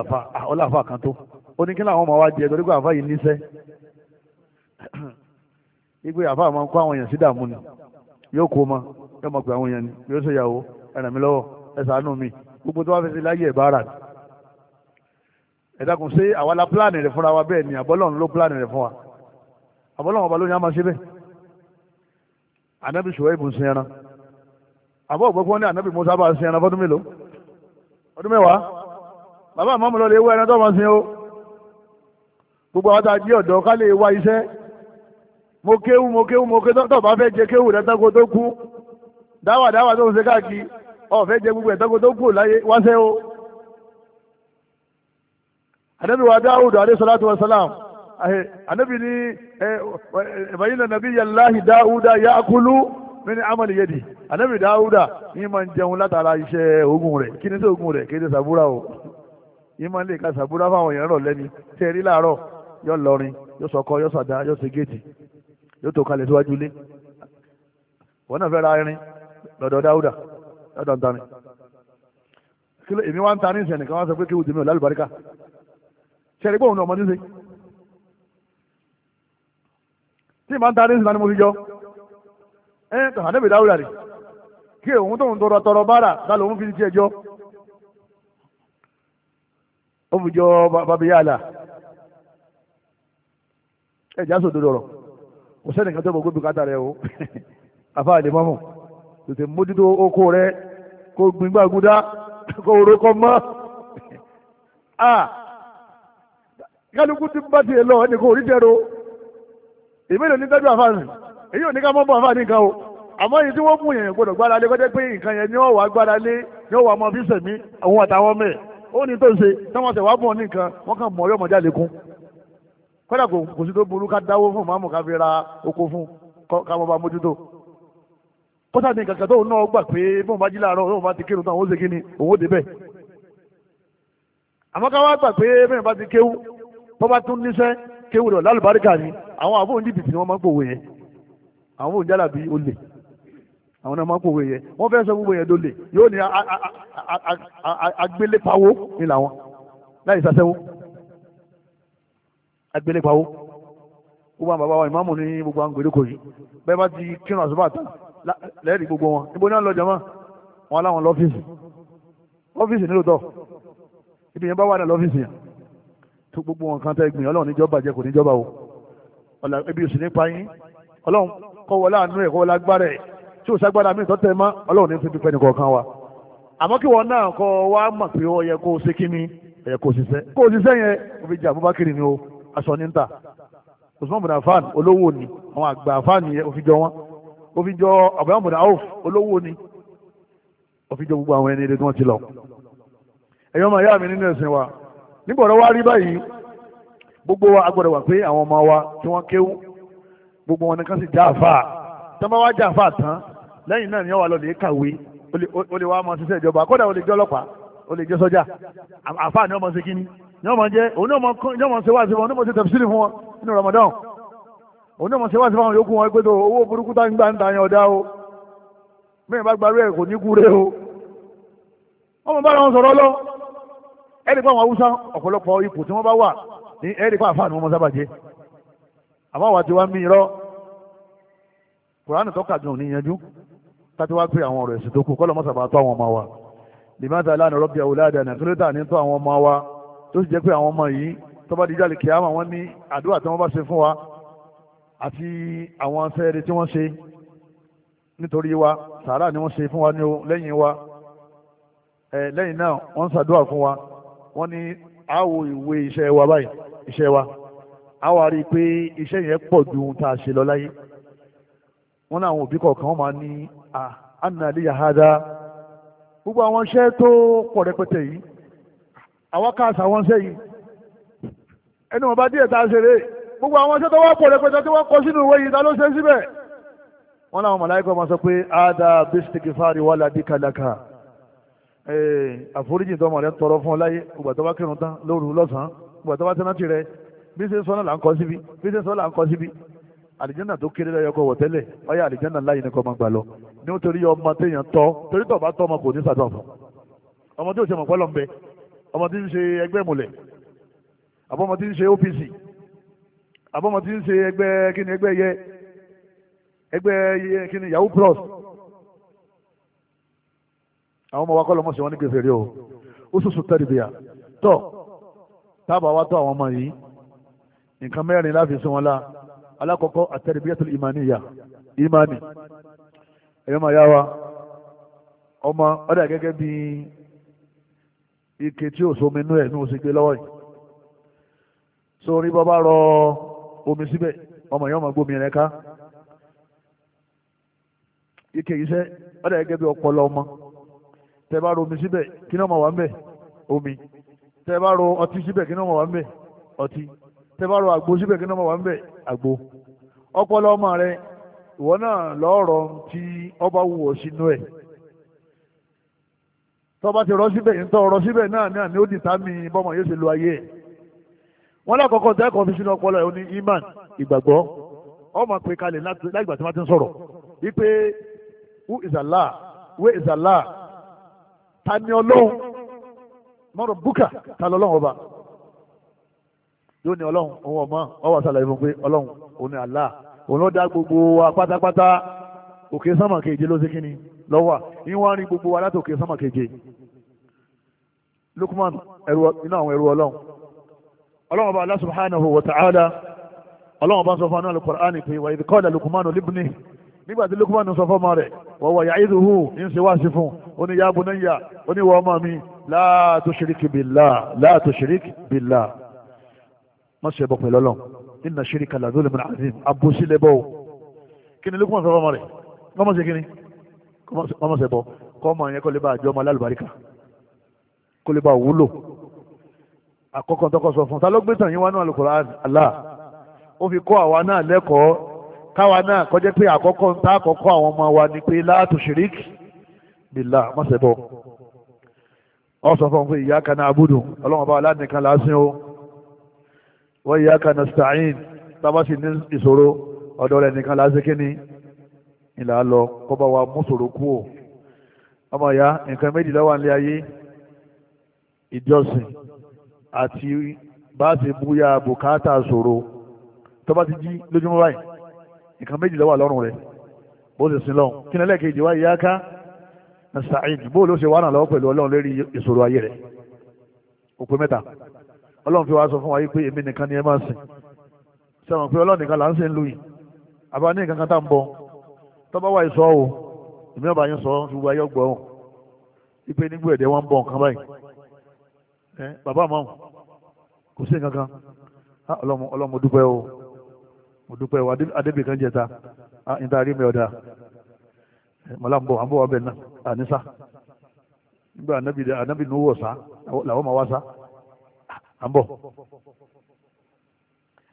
ọláfà kan tó ó ní kí làwọn ọmọ wa jẹ torí pé àfa yìí níṣẹ́ igbe àfa máa ń kó àwọn èèyàn sí dààmú ni yóò kó ma yóò máa pè àwọn èèyàn ni yóò ṣèyàwó ẹ̀ràn mi lọ́wọ́ ẹ mi gbogbo tó wá fẹsẹ̀ láyé ẹ̀ bá rà ni ẹ dákun ṣé àwa la pílánì rẹ̀ fúnra wa bẹ́ẹ̀ ni àbọ́lọ́run ló pílánì rẹ̀ fún wa àbọ́lọ́run ọba ló ní a máa ṣe bẹ́ẹ̀ anabi ṣùgbọ́n ibùn sin ẹran àbọ̀ ògbọ́gbọ́ ní anabi musa bá sin ẹran fọdún mélòó ọdún mẹ́wàá bàbá àmọ́mọ́ lọ lè wá ẹran tó máa sin o gbogbo àwọn tá jí ọ̀dọ́ ká lè wá iṣẹ́ mo kéwú mo kéwú mo ké tó bá fẹ́ anabi wa dawud alayhi salatu wa salam anabi ni bayina nabi yallahi dawuda ya akulu mini amali yedi anabi dawuda yìí máa ń jẹun látara iṣẹ́ ogun rẹ̀ kí ni sí ogun rẹ̀ kí ni sàbúrà o yìí máa ń lè ka sàbúrà fáwọn èèyàn rọ̀ lẹ́ni tẹ́ ẹ rí láàárọ̀ yóò lọrin yóò sọkọ yóò sàdá yóò ṣe géètì yóò tó kalẹ̀ síwájú ilé wọn náà fẹ́ ra irin lọ́dọ̀ dáúdà lọ́dọ̀ ntarin èmi wá ń ta ní ìsẹ̀ nìkan wá sọ pé kí wùdí mi ò lálùbáríkà ṣẹ̀rí pé òun ọmọdé ṣe tí ìbá ń ta adéṣin láti mo fi yọ ẹ àdébè dáwúrà rè kí òun tóun tọrọ tọrọ bára dálò òun fi ti ẹjọ́ ó fi jọ babiyala ẹ̀já sòdodo rọ̀ kò sẹ́nìkan tó bọ̀ gbé bùkátà rẹ̀ o àfa àlè mọ́mọ́ tètè mójútó oko rẹ̀ kó gbin gbàgúdá kó oró mọ́ a. Ah! kálukú ti bá tiẹ̀ lọ ẹnìkan orí jẹ́ro ìmẹ́lẹ̀ ní dájú àfáàní èyí ò ní ká mọ́ bọ́ àfáàní nǹkan o àmọ́ èyí tí wọ́n mú yẹn gbọ́dọ̀ gbára lé kọ́jẹ́ pé nǹkan yẹn ni wọ́n wà gbára lé ni wọ́n wà mọ́ fi sẹ̀mí àwọn àtàwọn mẹ́ẹ̀ ó ní tó ṣe táwọn ṣẹ̀ wá bọ̀ ní nǹkan wọ́n kàn mọ̀ ọyọ́ mọ̀já lékún kọ́dà kò sí tó burú ká dáwó fún màmú ká fi ra oko fún ká mọ̀ bá mójútó kọ́sà ní kankan tóun náà gbà pé bóun bá jí láàárọ̀ òun bá ti kírun tán òun ó ṣe kí ni òun ó débẹ̀ àmọ́ ká wá gbà pé bẹ́ẹ̀ bá ti kéwú tọ́ba tún níṣẹ́ kéwù rẹ̀ lálùbáríkà ni àwọn àbóhùn jìbìtì ni wọ́n máa ń pòwe yẹn àwọn òun jálà bíi olè àwọn náà máa ń pòwe yẹn wọ́n fẹ́ sọ gbogbo yẹn dolè yóò ní agbélépawó ni làwọn láì sasẹ́wó agbélépawó gbogbo àwọn bàbá wa ìmáàmù ní gbogbo àwọn gbèdéko yìí bẹ́ẹ̀ bá ti kírun àṣùbà tán lẹ́ẹ̀rí gbogbo wọn níbo náà lọ jọmọ́ wọn aláwọn lọ́fíìsì lọ́fíìsì nílò tọ́ ibi yẹn bá wà ní lọ́fíìsì yẹn tó gbogbo wọn kan tẹ́ gbìn ọlọ́run níjọba jẹ kò níjọba o ọ̀là ebi òsì nípa yín ọlọ́run kọ́wọ́ láàánú ẹ̀ kọ́wọ́ lágbára ẹ̀ tí ò ságbára mi tọ́tẹ̀ mọ́ ọlọ́run ní fi dúpẹ́ ní kọ̀ọ̀kan wa àmọ́ kí wọn náà kọ́ wa mọ̀ pé ó yẹ kó o ṣe kíní ó yẹ kó o ṣiṣẹ́ kó o ṣiṣẹ́ yẹn ó fi jẹ Abubakar ni o aṣọ ní ta Usman bin Affan olówó ni àwọn àgbà Affan yẹn ó fi jọ wọn ó fi jọ Abdulrahman bin Auf olówó ni ó fi jọ gbogbo àwọn ẹni ilé tí wọ́n ti lọ ẹ̀yọ́ nígbọ̀rọ̀ wá rí báyìí gbogbo wa agbọ́dọ̀ wà pé àwọn ọmọ wa tí wọ́n kéwú gbogbo wọn nìkan sì já àfáà tán bá wá já àfáà tán lẹ́yìn náà ni wọ́n wà lọ́ọ́ lè kàwé ó lè wá máa ṣiṣẹ́ ìjọba kódà ó lè jẹ́ ọlọ́pàá ó lè jẹ́ sọ́jà àfáà ni wọ́n máa ṣe kíní ni wọ́n máa jẹ́ òun náà máa ṣe wá sí wọn òun náà máa ṣe tẹ̀síìrì fún wọn nínú Ramadan òun náà mọ̀ sí wá sí fáwọn yòókù wọn pé tó owó burúkú wọn sọ̀rọ̀ ẹ̀rí pé àwọn haúsá ọ̀pọ̀lọpọ̀ ipò tí wọ́n bá wà ní ẹ̀rí pé àfáà ni wọ́n mọ sábà jẹ́ àbáwá ti wá mí irọ́ kùránì tọ́ka gan níyanjú tàbí wá pé àwọn ọ̀rọ̀ ẹ̀sìn tó kù kọ́ lọ́mọ́sà bá tó àwọn ọmọ wa lèmọ́tà aláàánú rọ́bì àwòláàdà nàìjíríà ní tó àwọn ọmọ wa tó sì jẹ́ pé àwọn ọmọ yìí tó bá dijá lè kíyàmà wọ́n ní àdúrà tí wọ́n bá ṣe fún wa àti àwọn sẹ́ẹ̀rẹ́ tí wọ́n ṣe nítorí wa sàárà ni wọ́n ṣe fún wa ní lẹ́yìn wa lẹ́yìn náà wọ́n ń ṣàdúrà fún wa wọ́n ní àwo ìwé iṣẹ́ wa báyìí iṣẹ́ wa àwa rí i pé iṣẹ́ yẹn pọ̀ ju ohun tá a ṣe lọ láyé wọ́n náà àwọn òbí kọ̀ọ̀kan wọ́n máa ní ànàlẹ́ yàhádá gbogbo àwọn iṣẹ́ tó pọ̀ rẹpẹtẹ yìí àwọn káàsà wọn ṣe yìí ẹni wọn bá díẹ̀ tá a ṣeré gbogbo àwọn iṣẹ́ tó wá pọ̀ rẹpẹtẹ tí wọ́n kọ sínú ìwé yìí ta ló ṣe síbẹ̀ wọ́n náà àwọn màláìkọ̀ máa sọ pé ada bisitiki fari wàlá dikalaka Eh, àforíjì tọmọ rẹ tọrọ fún ọ láyé ìgbà tó bá kírun tán lóru lọ́sàn-án ìgbà tó bá tẹ́ná ti rẹ bí ṣe sọ́nà là ń kọ́ síbi bí ṣe sọ́nà là ń kọ́ síbi àlìjánà tó kéré lọ́yọ́ kọ wọ̀ tẹ́lẹ̀ ọyá àlìjánà láyé ni kò máa gbà lọ nítorí ọmọ téèyàn tọ́ torí tọ̀ bá tọ́ ọmọ kò ní sàtọ̀ fún ọmọ tí ò ṣe mọ̀ pẹ́lọ́ ń bẹ ọmọ tí ń ṣe ẹgbẹ́ ìmùlẹ̀ àbọ̀mọ tí ń ṣe OPC àbọ̀mọ tí ń ṣe ẹgbẹ́ kíni ẹgbẹ́ yẹ ẹgbẹ́ yẹ kíni Yahoo Plus àwọn ọmọ wa kọ́ lọ́mọ́sí wọn ní gbèsè rí o ó sùsù tẹ́lifíà tọ́ tábà wa tọ́ àwọn ọmọ yìí nǹkan mẹ́rin láfi sí wọn la alákọ̀ọ́kọ́ àtẹ̀lifíàtul ìmánìyà ìmánì ẹ̀yọ́ máa yá wa ọmọ ọ̀dà gẹ́gẹ́ bí ike tí ò sómi inú ẹ̀ ní oṣù gbé lọ́wọ́ yìí sórí bọ́ bá rọ omi síbẹ̀ ọmọ yẹn ọmọ gbómi rẹ̀ ká ike yìí sẹ́ ọ̀dà gẹ́gẹ́ bí ọpọlọ ọmọ tẹ bá ro omi síbẹ̀ kí ni ó máa wà ń bẹ̀ omi tẹ bá ro ọtí síbẹ̀ kí ni ó máa wà ń bẹ̀ ọtí tẹ bá ro àgbo síbẹ̀ kí ni ó máa wà ń bẹ̀ àgbo ọpọlọ ọmọ rẹ ìwọ náà lọ́ọ̀rọ̀ tí ọba wù ọ sínú ẹ̀ tọba ti rọ síbẹ̀ yìí tọ́ síbẹ̀ náà náà ni ó dì tàmí bọ́mọ yóò ṣe lo ayé ẹ̀ wọ́n lákọ̀ọ́kọ́ tẹ́ kọ́ fi sínú ọpọlọ ẹ̀ ó ní iman ìgbàgbọ́ ọmọ pé kalẹ̀ láìgbà tí wọ́n ti ń sọ̀rọ̀ wípé who is Allah where is Allah ta ni ọlọ́run mọ́rọ̀ búkà ta lọ́lọ́run ọba yóò ní ọlọ́run òun ọmọ ọwọ́ àṣàlàyé fún pé ọlọ́run òun ni Allah òun ló dá gbogbo wa pátápátá òkè sánmà keje ló ṣe kíni lọ́wọ́ ìwọ̀n rí gbogbo wa láti òkè sánmà keje Lukman inú àwọn ẹrú ọlọ́run ọlọ́run ọba Allah subhanahu wa ta'ala ọlọ́run ọba sọ fún anáàlú Qur'ani pé wà ìdíkọ́ nígbà tí lukumanu sọ fọ́mọ rẹ̀ wọ́n wọ̀ yàrá ìdùhù ń ṣe wá sí fún un ó ní yá bunayya ó ní wọ́n ọmọ mi la tushrik billah la tushrik billah má ṣe bọ̀ pẹ̀lú ọlọ́run inna shirka la dhulmun azim àbòsí lẹ́bọ̀ o kí ni lukumanu sọ fọ́mọ rẹ̀ kọ́mọ ṣe kíni kọ́mọ ṣe bọ̀ kọ́mọ yẹn kó lè bá àjọ ọmọ alálùbáríkà kó lè bá wúlò àkọ́kọ́ tọkọ sọ fún ta ló gbé tàn yín wá náà al káwa náà kọjá pé àkọ́kọ́ ń tá àkọ́kọ́ àwọn ọmọ wa ni pé láàtò ṣìríkì bìlà mọ́sẹ̀bọ̀ ọ sọ fún fún ìyá kan abudu ọlọ́mọba alánìkan lásán o wọ́n ìyá kan nasta'in tábàsì ní ìṣòro ọ̀dọ́ rẹ̀ nìkan lásán kíní ìlà lọ kọ́ba wa mú ṣòro kú o ọmọ ìyá nǹkan méjì ló wà nílé ayé ìjọsìn àti bá ti búyà bùkátà ṣòro tọ́ba ti jí lójúmọ́ báyìí nǹkan méjì ló wà lọ́rùn rẹ̀ bó ṣe sin lọ́hùn kí ni ẹlẹ́ẹ̀kejì wá iyyaka nasta'in bó ló ṣe wà náà lọ́wọ́ pẹ̀lú ọlọ́run lérí ìṣòro ayé rẹ̀ òpè mẹ́ta ọlọ́run fi wá sọ fún wa yìí pé èmi nìkan ni ẹ máa sìn sẹ́wọ̀n pé ọlọ́run nìkan là ń sìn lù àbá ní nǹkan kan tá ń bọ tọ́ba wà ìsọ o èmi ọba yẹn sọ gbogbo ayé ọgbọ̀n ipe nígbò ẹ̀dẹ̀ wọn ń bọ nǹkan báyìí bàbá àmọ́ kò sí nǹkan kan ọlọ́run mo dúpẹ́ o mo dúpẹ́ wa adébì kan jẹta níta rí mi ọ̀dà mọ̀lá ń bọ̀ àbọ̀ ọbẹ̀ náà àníṣà nígbà anábì ní owó ọ̀sá làwọn máa wá sá à ń bọ̀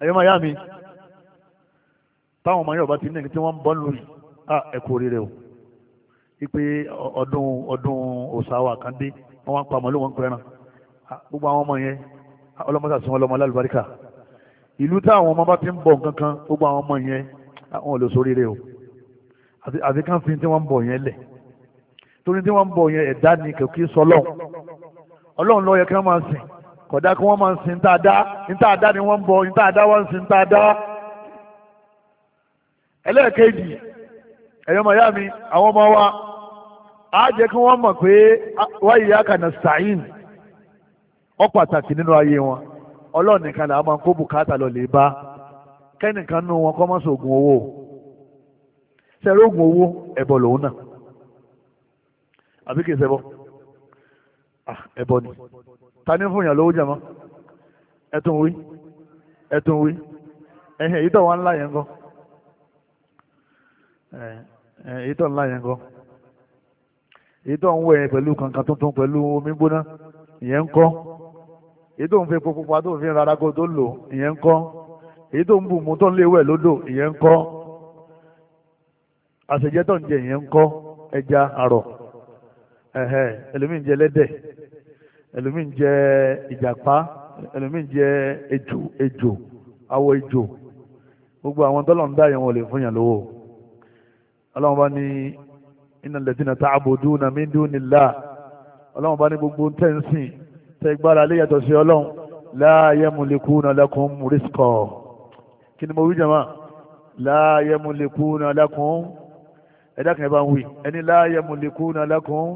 ẹ̀yọ́ máa yá mi táwọn ọmọ yóò bá ti ní ẹni tí wọ́n ń bọ́ lù ẹ̀kú oríire o wípé ọdún ọdún òsà wa kan dé wọ́n wá ń pa màlúù wọn pẹ́ràn gbogbo àwọn ọmọ yẹn ọlọ́mọ sàtúnwọ́n ọlọ́mọ alálùbáríkà ìlú táwọn ọmọ bá ti ń bọ̀ nǹkan kan gbogbo àwọn ọmọ yẹn àwọn ah, olè sóríire o àti kàn fi tí wọ́n ń bọ̀ yẹn lẹ̀ torí tí wọ́n ń bọ̀ yẹn ẹ̀dá ni kò sọ ọlọ́run ọlọ́run ló yẹ kí wọ́n máa sìn kódà kí sin táadá ntáadá ni wọ́n ń bọ̀ ntáadá wọ́n ń sin táadá ẹlẹ́ẹ̀kejì wa á jẹ́ kí wọ́n mọ̀ pé ah, wáyé sàyìn pàtàkì nínú ayé ọlọ́run nìkan làwọn máa ń kó bùkátà lọ lè bá kẹ́nìkan nú wọn kọ́ mọ́sọ̀ oògùn owó sẹ́rí oògùn owó ẹ̀bọ lòun náà àbí kìí ṣẹbọ ah, ẹ̀bọ ni ta ní fún yàn lówó jẹ̀mọ́ ẹ̀tún wí ẹ̀tún wí ẹ̀hìn èyí tó wà ńlá yẹn gan èyí ńlá yẹn gan èyí ń wẹ̀ pẹ̀lú kankan tuntun pẹ̀lú omi gbóná ìyẹn ń kọ́. èyí tó ń fi epo pupa tó ń fi rárá kó tó lò ìyẹn ń kọ́ èyí ń bù mú tó ń léwẹ̀ lódò ìyẹn ń àṣejẹ tó ń jẹ ìyẹn ń ẹja àrọ̀ ẹ̀hẹ̀ jẹ lẹ́dẹ̀ ẹlòmíì jẹ ìjàpá ẹlòmíì jẹ ejò ejò awọ ejò gbogbo àwọn tọ́lọ̀ ń dá yẹn tẹ gbára lé yàtọ̀ sí ọlọ́run la yamlikuna lakum rizqa kí ni mo wí jama la yamlikuna lakum ẹ̀dá kan bá ń wí ẹni la yamlikuna lakum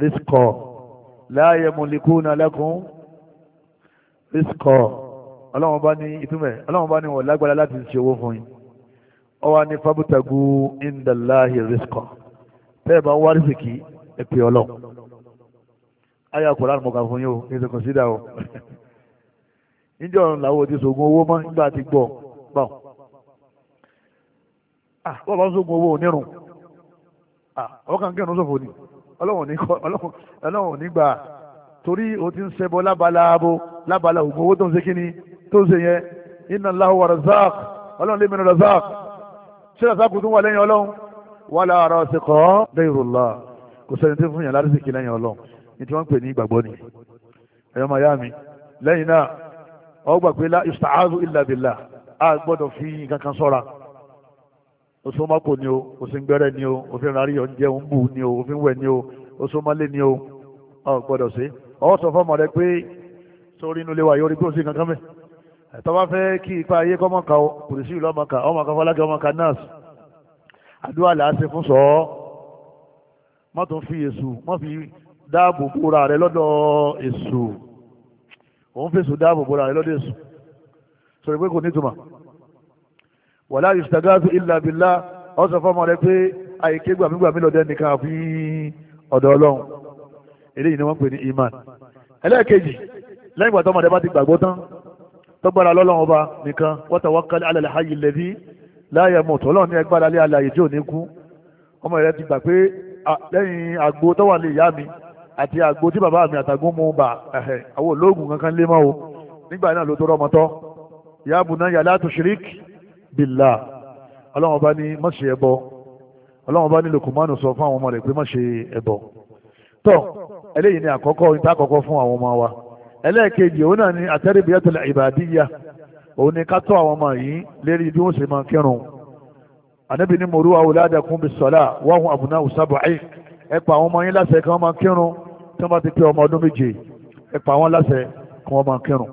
rizqa la yamlikuna lakum rizqa ọlọ́run bá ní ìtumẹ̀ ọlọ́run bá ní wọ́n lágbára láti ṣe owó fún yín ọwọ́ ní fábútàgù indallahi rizqa tẹ́ẹ̀ bá wá rìsìkì ẹ̀pẹ́ ọlọ́run àyà Kùránì mọ̀ká fún yín o ètò kọ̀sídà o níjọ́ ọ̀run làwọn ti sògùn owó mọ́ nígbà tí gbọ́ bá wọn. bọ́ bá ń sògùn owó onírun ọkàn kí ọ̀run sọ̀fọ̀ ni ọlọ́wọ̀n nígbà torí o ti ń ṣẹbọ lábala lábala ògùn owó tó ń ṣe kí tó ń ṣe yẹn inna Allahu wa razaq ọlọ́run lèmi razaq ṣé razaq tún wà lẹ́yìn ọlọ́run wala rasiqa ghayrullah kò sẹ́ni tí fún yàn lárísìkì lẹ́yìn ọlọ́run ní tí wọ́n ń pè ní ìgbàgbọ́ ni ẹ̀yọ́ màyá mi lẹ́yìn náà ọ gbà pé la ìṣàárù illa billah a gbọ́dọ̀ fi nǹkan kan sọ́ra oṣù mako ni o oṣù gbẹ́rẹ́ ni o òfin rárí ọ̀ ń jẹ́ òun bù ni o òfin wẹ̀ ni o oṣù mọ́lé ni o ọ gbọ́dọ̀ sí ọ sọ fọ́mọ rẹ pé sórí inú ilé yóò rí gbóhùn sí kankan mẹ́ tọ́ba fẹ́ kí ipa ayé kọ́ mọ́ ka o kùrìsì ìlú ọmọ ka ọmọ kan fọlákẹ́ ọmọ ka nọ́ọ̀sì àdúrà làá fún sọ́ọ́ mọ́tò ń fi èṣù mọ́ fi dáàbò bóra rẹ lọ́dọ̀ èṣù òun fèsù dáàbò bóra rẹ lọ́dọ̀ èṣù sọ̀rọ̀ pé kò nítumọ̀ wàlá yustaghathu illa billah ọ sọ fọmọ rẹ pé àyíké gbàmígbàmí lọ́dọ̀ ẹnìkan àfi ọ̀dọ̀ ọlọ́run eléyìí ni wọ́n pè ní iman ẹlẹ́ẹ̀kejì lẹ́yìn ìgbà tọ́mọdé bá ti gbàgbọ́ tán tọ́gbàrà lọ́lọ́run ọba nìkan wa tawakkal ala al-hayy alladhi la yamut ọlọ́run ní ẹgbàrá lé alàyè tí ò ní kú ọmọ rẹ ti gbà pé lẹ́yìn àgbo tọ́wà lè yá mi àti àgbo tí bàbá mi àtàgùn mú bà ẹ̀hẹ̀ àwọn olóògùn kankan lé mọ́ o nígbà náà ló tó rọmọ tọ́ ya bunayya la tushrik billah ọlọ́run bá ní má ṣe ẹbọ ọlọ́run bá ní Lukumanu sọ fún àwọn ọmọ rẹ̀ pé má ṣe ẹbọ tọ́ eléyìí ni àkọ́kọ́ ìta àkọ́kọ́ fún àwọn ọmọ wa ẹlẹ́ẹ̀kejì òun náà ni at-tarbiyatul ibadiyya òun ni ká tọ́ àwọn ọmọ yìí lérí bí wọ́n ṣe máa kírun ànábì ní muru awladakum bis-salah wa hum abna'u pa àwọn ọmọ yín láṣẹ kí wọ́n máa kírun tí wọ́n bá ti pé ọmọ ọdún méje ẹ pa wọ́n láṣẹ kí wọ́n máa kírun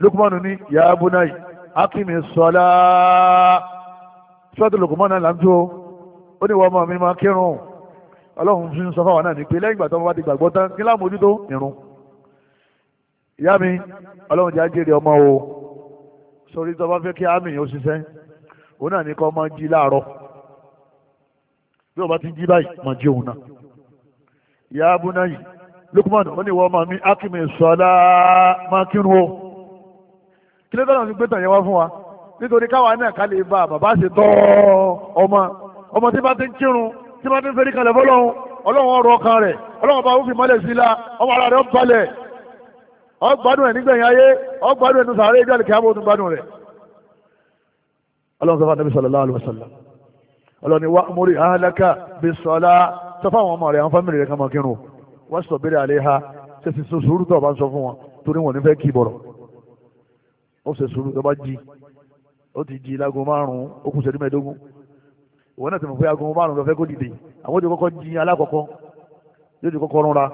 lukumanu ní ya abunai akimi sọlá sọ́ọ́tù lukumanu náà láńtó ó ní wọ́n máa mi máa kírun ọlọ́run fi ń sọ fáwọn náà ní pé lẹ́yìn ìgbà tó wọ́n bá ti gbàgbọ́ tán kí láàmójútó irun ìyá mi ọlọ́run jẹ́ ajé rẹ̀ ọmọ o sórí tó bá fẹ́ kí àmì yóò ṣiṣẹ́ òun náà ní kọ́ máa jí láàárọ̀ bí wọ́n bá ti jí báyìí máa jí òun náà ya bunayi Lukman ó ní ìwọ ọmọ mi akimi sọlá máa kírun o kí ló dáná fi gbé tàn yẹn wá fún wa nítorí káwa náà ká lè bá bàbá ṣe tọ́ ọmọ ọmọ tí bá ti ń kírun tí bá ti ń fẹ́rí kalẹ̀ fọlọ́hún ọlọ́run ọ̀rọ̀ ọkàn rẹ̀ ọlọ́run bá òfin mọ́lẹ̀ sí la ọmọ ara rẹ̀ balẹ̀ ọgbádùn ẹ̀ nígbẹ̀yìn ayé ọgbádùn ẹ̀ ní sàárẹ̀ ìjọ àlùkè àbò tó gbádùn rẹ̀ ọlọ́run sọ fún anabi sallallahu alaihi wasallam ọlọ́run ni wàá múri ahlaka bisalah sọ fáwọn ọmọ rẹ̀ àwọn fámìlì rẹ̀ kan máa kírun wọ́n sọ bẹ́rẹ̀ àlẹ́ ha ṣe ti sọ sùúrù tó o bá sọ fún wọn torí wọn ò ní fẹ́ kí bọ̀rọ̀ ó ṣe sùúrù tó bá jí ó ti jí láago márùn-ún ó kù ṣẹ́jú mẹ́ẹ̀ẹ́dógún ìwọ náà ti mọ̀ pé aago márùn-ún lọ fẹ́ kó dìde àwọn ojú kọ́kọ́ jí alákọ̀ọ́kọ́ yóò ti kọ́kọ́ rúnra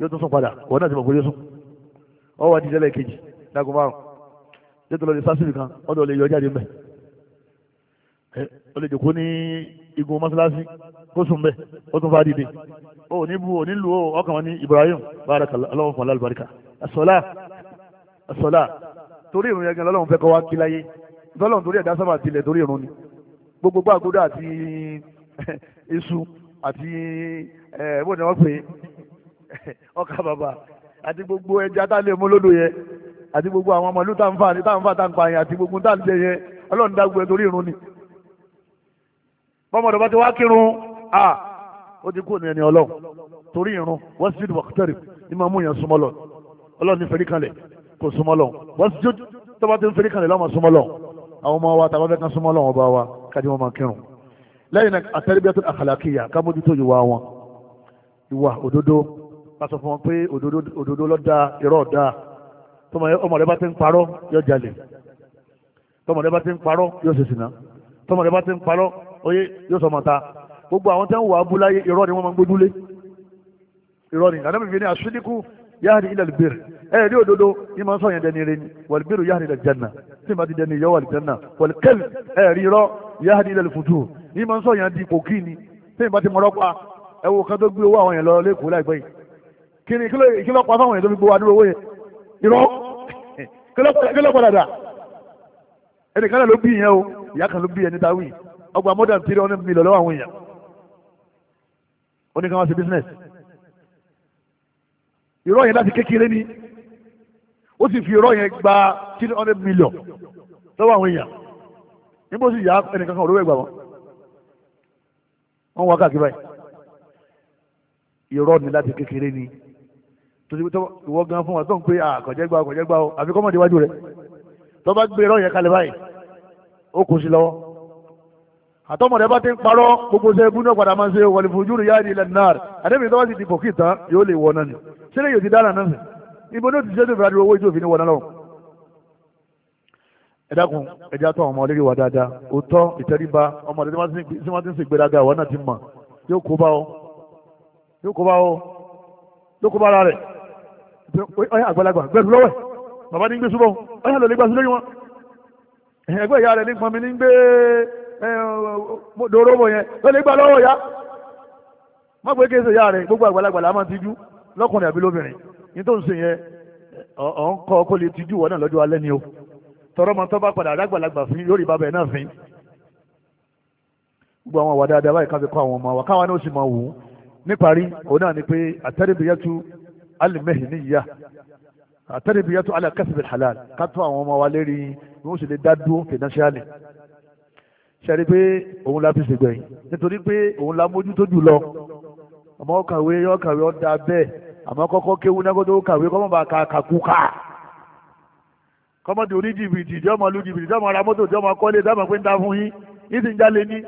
yóò tún sùn padà ìwọ náà ti mọ̀ pé yóò sùn ọ wá dìde lẹ́ẹ̀kejì láago márùn-ún yóò tún lọ di sásìlì kan ọdọ̀ lè yọ jáde mẹ́ ó lè jòkó ní igun mọ́ṣáláṣí kó sùn bẹ́ẹ̀ ó tún fa dìde ó ní bu òní lu ọkàn wọn ní Ibrahim barakallah aláwọ̀ fún alábàríkà asola asola torí ìrun yẹn gan lọ́lọ́run fẹ́ kọ́ wá kí láyé lọ́lọ́run torí ẹ̀dá sábà tilẹ̀ torí ìrun ni gbogbo gbàgbọ́dọ̀ àti iṣu àti ẹ̀ bó ni wọ́n pè é ọkà bàbà àti gbogbo ẹja tá a lè mú lódò yẹn àti gbogbo àwọn ọmọ ìlú tá n fà ní tá n fà tá n pa yẹn àti gbogbo tá n jẹ yẹn ọlọ́run dá gbogbo ẹ̀ torí ìrun ni bọ́mọdé bá ti wá kírun a ó ti kú ní ẹni ọlọ́run torí irun wasjud waqtarib ní máa mú yẹn súnmọ́ lọ ọlọ́run ní fẹ́rí kanlẹ̀ kò súnmọ́ lọ wasjud tó bá ti ń fẹ́rí kanlẹ̀ lọ́mọ súnmọ́ lọ àwọn ọmọ wa tàbá fẹ́ kan súnmọ́ lọ́wọ́ bá wa kájí wọn máa kírun lẹ́yìn náà àtẹ́rẹ́bíyàtò àkàlàkìyà ká mójútó ìwà wọn ìwà òdodo ká sọ fún wọn pé òdodo lọ́dà irọ́ ọ̀dà tọmọdé bá ti ń parọ́ yóò jalè tọmọdé bá ti ń parọ́ yóò ṣèṣìnà tọmọdé bá ti ń parọ́ oyé yóò sọmọta gbogbo àwọn tí wọ́n wà á bú láyé irọ́ ni wọ́n máa ń gbójúlé irọ́ ni ànábì fi ní àṣídíkù yáàdì ilẹ̀ albir ẹ̀ rí òdodo ní máa ń sọ̀yàn dẹni rẹ ni wàlbírù ilẹ̀ tí ti dẹni ẹ̀ rí irọ́ ilẹ̀ di ni tí ti mọ̀rọ́ pa ẹ wo kan tó gbé owó àwọn yẹn lọ lẹ́kọ̀ọ́ láìpẹ́ yìí kí ni kí ló pa fáwọn yẹn tó fi gbowó ó ní ká wá ṣe business irọ́ yẹn láti kékeré ni ó sì fi irọ́ yẹn gba three hundred million lọ́wọ́ àwọn èèyàn níbo sì yá ẹnìkan kan olówó ẹgbàá wọn wọ́n wá káàkiri báyìí irọ́ ni láti kékeré ni torí tó ìwọ gan fún wa tó ń pé àkọ̀jẹ́gbà àkọ̀jẹ́gbà o àfi kọ́mọ̀dé wájú rẹ̀ tó bá gbé irọ́ yẹn kalẹ̀ báyìí ó kù sí lọ́wọ́ àtọmọdé bá ti ń parọ́ gbogbo ṣe ebú náà padà máa ṣe wọlé fojú rẹ yáàdì ilẹ̀ náà àdébìnrin tó bá sì ti pọ̀ kìí tán yóò lè wọ náà ni sílẹ̀ yóò ti dára náà sẹ̀ ibo ní o ti ṣe tó fi adúrò owó ìjòfin ní wọ náà lọ. ẹ dákun ẹ já tó àwọn ọmọ olórí wa dáadáa òótọ́ ìtẹríba ọmọdé tí wọ́n ti ń ṣègbéraga ìwọ náà ti mọ̀ yóò kó bá ọ yóò kó bá ọ yóò kó bá ara rẹ̀ ọyá àgbàlagbà gbẹ̀rù lọ́wọ́ bàbá ní gbé súbọ̀ ọyá lọ́lẹ́gbàsílẹ̀ wọn ẹ̀gbẹ́ ìyá rẹ̀ ní pọnmi ní gbé dòróbò yẹn ó lè gbà lọ́wọ́ ya má pé kéésì ya rẹ̀ gbogbo àgbàlagbà la máa tijú lọ́kùnrin àbí lóbìnrin ní tó ń sìn yẹn ọ̀ ń kọ́ kó lè tijú wọ́n náà lọ́jọ́ alẹ́ ni o tọrọ mọ tó bá padà àdàgbàlagbà fín yóò rí bàbá ẹ̀ náà fín gbogbo àwọn àwàdà àdàbà yìí ká fi kọ́ àwọn ọmọ wa káwa náà sì máa wù ú níparí òun náà ni pé àtẹ́rẹ́bìyàtú alimẹ́hìníyà àtẹ́rẹ́bìyàtú alákẹ́sìbẹ̀ halal ká tó àwọn ọmọ wa lérí bí wọ́n sì lè dá dúró financially ṣẹ́rí pé òun la fi ṣègbẹ̀yìn nítorí pé òun la mójútó jù lọ àmọ́ kàwé yọ kàwé ọ̀dà bẹ́ẹ̀ àmọ́ kọ́kọ́ kéwu náà tó kàwé kọ́mọ̀ bá ka kàkúkà kọ́mọ̀ tó ní jìbìtì tí ọmọ lu jìbìtì tí ọmọ ra mọ́tò tí ọmọ kọ́lé tí ọmọ pé ń ta fún yín yín sì ń jalè ní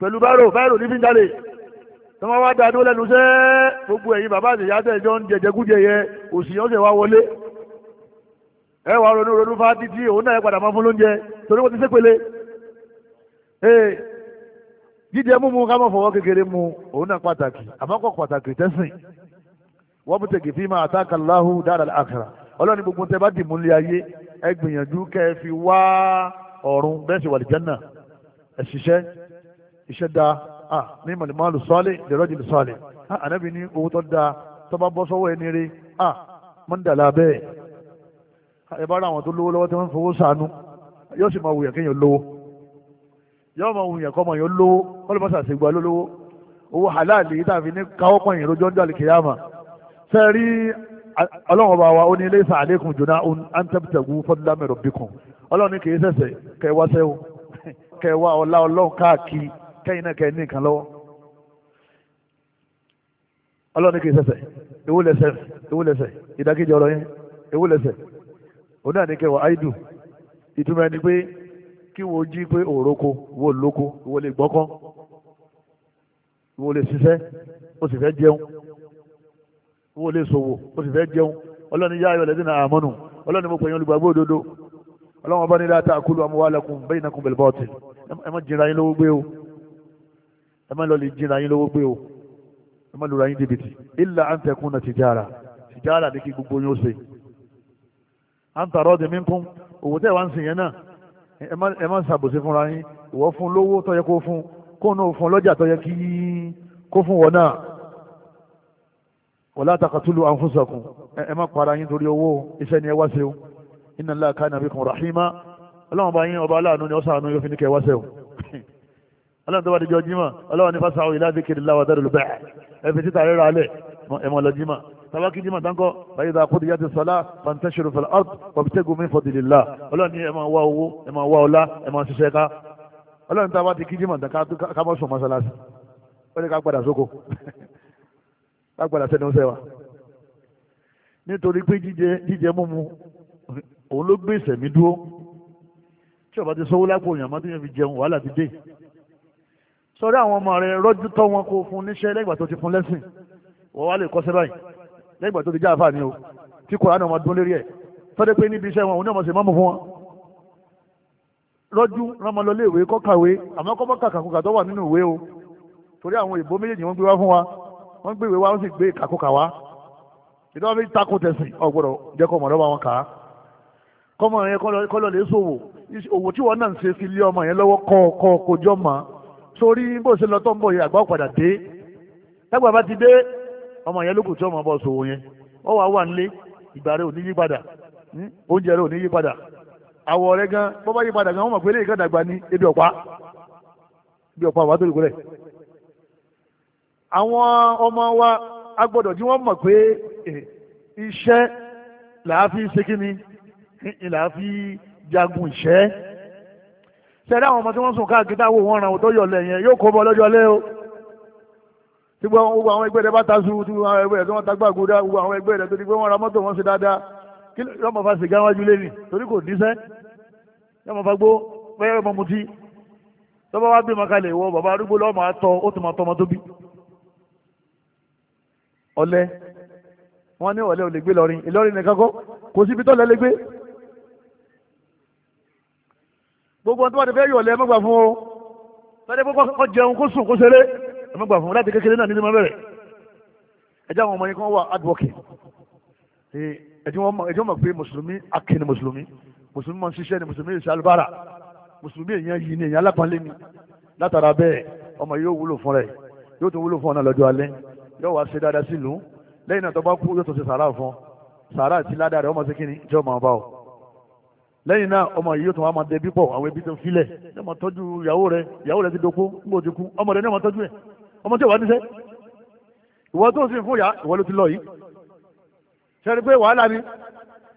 pẹ̀lú báírò báírò ní fi ń jalè tí wọ́n da dó lẹ́nu sẹ́ gbogbo ẹ̀yin bàbá àtẹ̀yà ee jíjẹ mímu ká má fọwọ́ kékeré mu òun náà pàtàkì àmọ́kọ̀ pàtàkì tẹ́sìn wọ́n mú tẹ̀gì fíìmà àtàkàláhù dára àkàrà ọlọ́ni gbogbo tẹ bá dì mú lé ayé ẹ gbìyànjú kẹ́ ẹ fi wá ọ̀run bẹ́ẹ̀ sì wà lè jẹ́nà ẹ ṣiṣẹ́ iṣẹ́ da ní mọ̀lẹ́mọ́lù sọ́ọ́lẹ̀ lẹ́rọ́jì sọ́ọ́lẹ̀ ànábì ní owó tó da tó bá bọ́ sọ́wọ́ ẹ bá ra àwọn tó yọ́ọ́ mọ ohun yẹn kọ́ mọ yẹn lówó kọ́lé mọ́sà ṣe gba lólówó owó halal yìí tàbí ní káwọ́ pọ̀ yẹn lójó ń dàlí kìyàmà fẹ́ rí ọlọ́run ọba wa ó ní iléeṣẹ́ àlékún jùlọ antẹ́pútẹ̀gù fọ́dúnlámẹ́rọ̀ bíkùn ọlọ́run ní kì í ṣẹ̀ṣẹ̀ kẹwàá sẹ́wọ́ kẹwàá ọlá ọlọ́run káàkiri kẹ́yìn náà kẹ́yìn nìkan lọ́wọ́ ọlọ́run ní kì í ṣẹ̀ṣẹ̀ ewu lẹ́ṣẹ̀ ewu ọ̀rọ̀ yẹn ewu lẹ́ṣẹ̀ òun náà ní kẹwàá áìdù ìtumọ̀ ẹni pé kí wo jí pé òróko wo lóko wo lè gbọ́kọ́ wo lè ṣiṣẹ́ o sì fẹ́ jẹun wo lè ṣòwò o sì fẹ́ jẹun ọlọ́ni yá ayọ̀ lẹ́dínà àmọ́nù ọlọ́ni mo pèyàn olùgbàgbọ́ òdodo ọlọ́wọ́n bá ní láta àkúlù amúwálẹ́kùn bẹ́yìn náà kún bọ́ọ̀tì ẹ má jìnra yín lówó gbé o ẹ má lọ lè yín lówó gbé o ẹ má lura yín jìbìtì illa an takuna tìjára tìjára ní kí gbogbo yín ó ṣe à ń tàrọ́ ọ̀dẹ̀ mí kún òwò tẹ́ wá ń sìn yẹn náà ẹ má ṣàbòsí fúnra yín ìwọ fún lówó tó yẹ kó fún kóun náà fún lọ́jà tó yẹ kí kó fún wọn náà wala taqtulu anfusakum ẹ má para yín torí owó iṣẹ́ ni ẹ wá ṣe o inna Allaha kana bikum rahima ọlọ́run bá yín ọba aláàánú ni ọ̀sán àánú yóò fi ní kẹ́ wá ṣe o ọlọ́run tó bá dijọ́ jimá ọlọ́run ní fásitì àwọn ìlà zikrillah ẹ fi títà rírà alẹ́ ẹmọ lọ jímà tabaki jímà dánkọ́ báyìí dáa kódìyà ti sọlá fantashiru fil ard wabtagu min fadlillah ọlọ́ni ẹ máa wá owó ẹ máa wá ọlá ẹ máa ṣiṣẹ́ ká ọlọ́ni tá a bá ti kí jímà dáká ká mọ́ sùn mọ́sálásí ó ní ká gbàdà sóko ká gbàdà sẹ́nu sẹ́wà nítorí pé jíjẹ jíjẹ múmu òun ló gbé ìsẹ̀mí dúró tí ọba ti sọ́wọ́ lápò òyìnbó tó yẹn jẹun wàhálà ti dé sọ́dọ̀ àwọn ọmọ rẹ̀ rọ́jú tọ́ wọn kó fún níṣẹ́ lẹ́gbàá tó ti fún lẹ́sìn wọ́n wá lè kọ́ṣẹ́ báyìí lẹ́gbà tó ti já àfáà ni o tí kò ránà ọmọ dún lérí ẹ̀ tọ́jú pé níbi iṣẹ́ wọn òun náà mọ̀ sí mọ́mù fún wọn. rọ́jú rọmọlọlé ìwé kọ́kàwé àmọ́ kọ́ mọ́kà kàkùkà tó wà nínú ìwé o torí àwọn òyìnbó méjèèjì wọ́n gbé wá fún wa wọ́n gbé ìwé wa wọ́n sì gbé kàkùkà wá tẹ̀sìn jẹ́ kọ́ wa ọmọ ọmọ yẹn lókùn tí ọmọ bọ́ sòwò yẹn ọ wà wà nílé ìgbà rẹ ò ní yí padà hmm? oúnjẹ rẹ ò ní yí padà àwọ̀ rẹ gan bọ́ bá yí padà gan wọ́n mọ̀ pé eléyìí kan dàgbà ní ebi ọ̀pá ebi ọ̀pá wà tó lè kúrẹ̀. àwọn ọmọ wa a tí wọ́n mọ̀ pé eh, iṣẹ́ làá fi ṣe kí ni làá fi jagun ìṣẹ́ sẹ́dá àwọn ọmọ tí wọ́n sùn káàkiri táwọn òun ọ̀ràn òtó yọ̀lẹ̀ yẹn yóò kó bọ́ lọ́jọ́ lé o tí gbogbo àwọn ẹgbẹ́ rẹ̀ bá ta sùn tí gbogbo àwọn ẹgbẹ́ rẹ̀ tí wọ́n ta gbàgbó dá gbogbo àwọn ẹgbẹ́ rẹ̀ tó ti gbé wọn ra mọ́tò wọn ṣe dáadáa kí ló máa fa sìgá wájú lé ní torí kò níṣẹ́ yóò máa fa gbó bẹ́ẹ̀ ọmọ mutí tọ́ba wá bímọ kalẹ̀ ìwọ bàbá arúgbó lọ́ọ́ máa tọ́ ó tún máa tọ́ ọmọ tó bí. ọ̀lẹ wọn ní ọ̀lẹ ò lè gbé lọ́rin Ìlọrin nìkan kọ́ kò síbi tọ́lẹ̀ lè ẹ má gbà fún láti kékeré náà nínú ma bẹ̀rẹ̀ ẹ jẹ́ àwọn ọmọ yẹn kí wọ́n wà hardworking ẹ jẹ́ mọ̀ pé mùsùlùmí akin ni mùsùlùmí mùsùlùmí máa ń ṣiṣẹ́ ni mùsùlùmí ìṣe alubára mùsùlùmí èèyàn yìí ni èèyàn alápọ̀nlé ni látara bẹ́ẹ̀ ọmọ yóò wúlò fún rẹ̀ yóò tún wúlò fún ọ̀nà lọ́jọ́ alẹ́ yóò wá ṣe dáadáa sí ìlú lẹ́yìn náà tó bá kú yóò tún ṣe sàárà fún sàárà àti ládàá rẹ̀ ọmọ sí kíni jẹ́ ọmọ ọba o lẹ́yìn náà ọmọ yìí yóò tún wá máa dẹbí pọ̀ àwọn ẹbí tó filẹ̀ yóò máa tọ́jú ìyàwó rẹ̀ ìyàwó rẹ̀ ti doko níbo ti kú ọmọ rẹ̀ ní ọmọ tọ́jú ẹ̀ ọmọ tí wàá níṣẹ́ ìwọ tó sì fún yà ìwọ ló ti lọ yìí ṣe rí pé wàhálà ni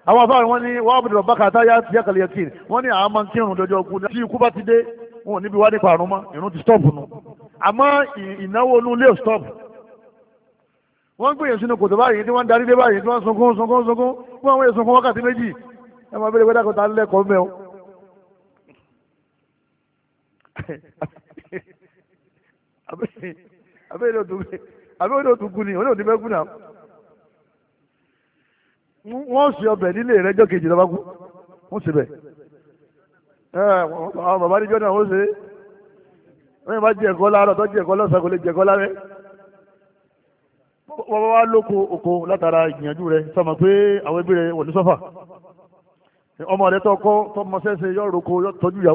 àwọn afáàrin wọn ní wàá bùdọ̀ bákà tá yá yá kàlẹ́ yẹtì wọn ní àwọn máa ń kírun dọjọ́ kú tí ikú bá ti dé wọn ò níbi wá nípa àrùn mọ́ ìrún ti stọ́ọ̀pù nu àmọ́ ìnáwó inú ilé ò stọ́ọ̀pù wọ́n ń gbìyànjú sínú kòtò báyìí tí wọ́n ń darí dé báyìí tí wọ́n ń sunkún sunkún sunkún fún àwọn èèyàn sunkún wákàtí méjì ẹ máa bẹ̀rẹ̀ wẹ́dàkọ̀ tá a lẹ́kọ̀ọ́ mẹ́wọ́. àbẹ́ ilé òtún àbẹ́ ilé òtún gún ni òun ò ní bẹ́ gún náà wọ́n sì ọbẹ̀ nílé rẹ̀ jọ́ kejì lọ́ba kú wọ́n sì bẹ̀ àwọn bàbá níjọ́ náà wọ́n ṣe wọ́n yẹn bá jẹ ẹ̀kọ́ láàárọ̀ tó jẹ ẹ̀kọ́ lọ́sàn-án kò lè jẹ ẹ̀kọ́ lálẹ́ wọ́n bá wá lóko oko látara ìgbìyànjú rẹ̀ sọmọ pé àwọn ẹbí rẹ̀ wọ̀ ní sọ́fà ọmọ rẹ̀ tọkọ tọmọsẹ́sẹ yọ roko yọ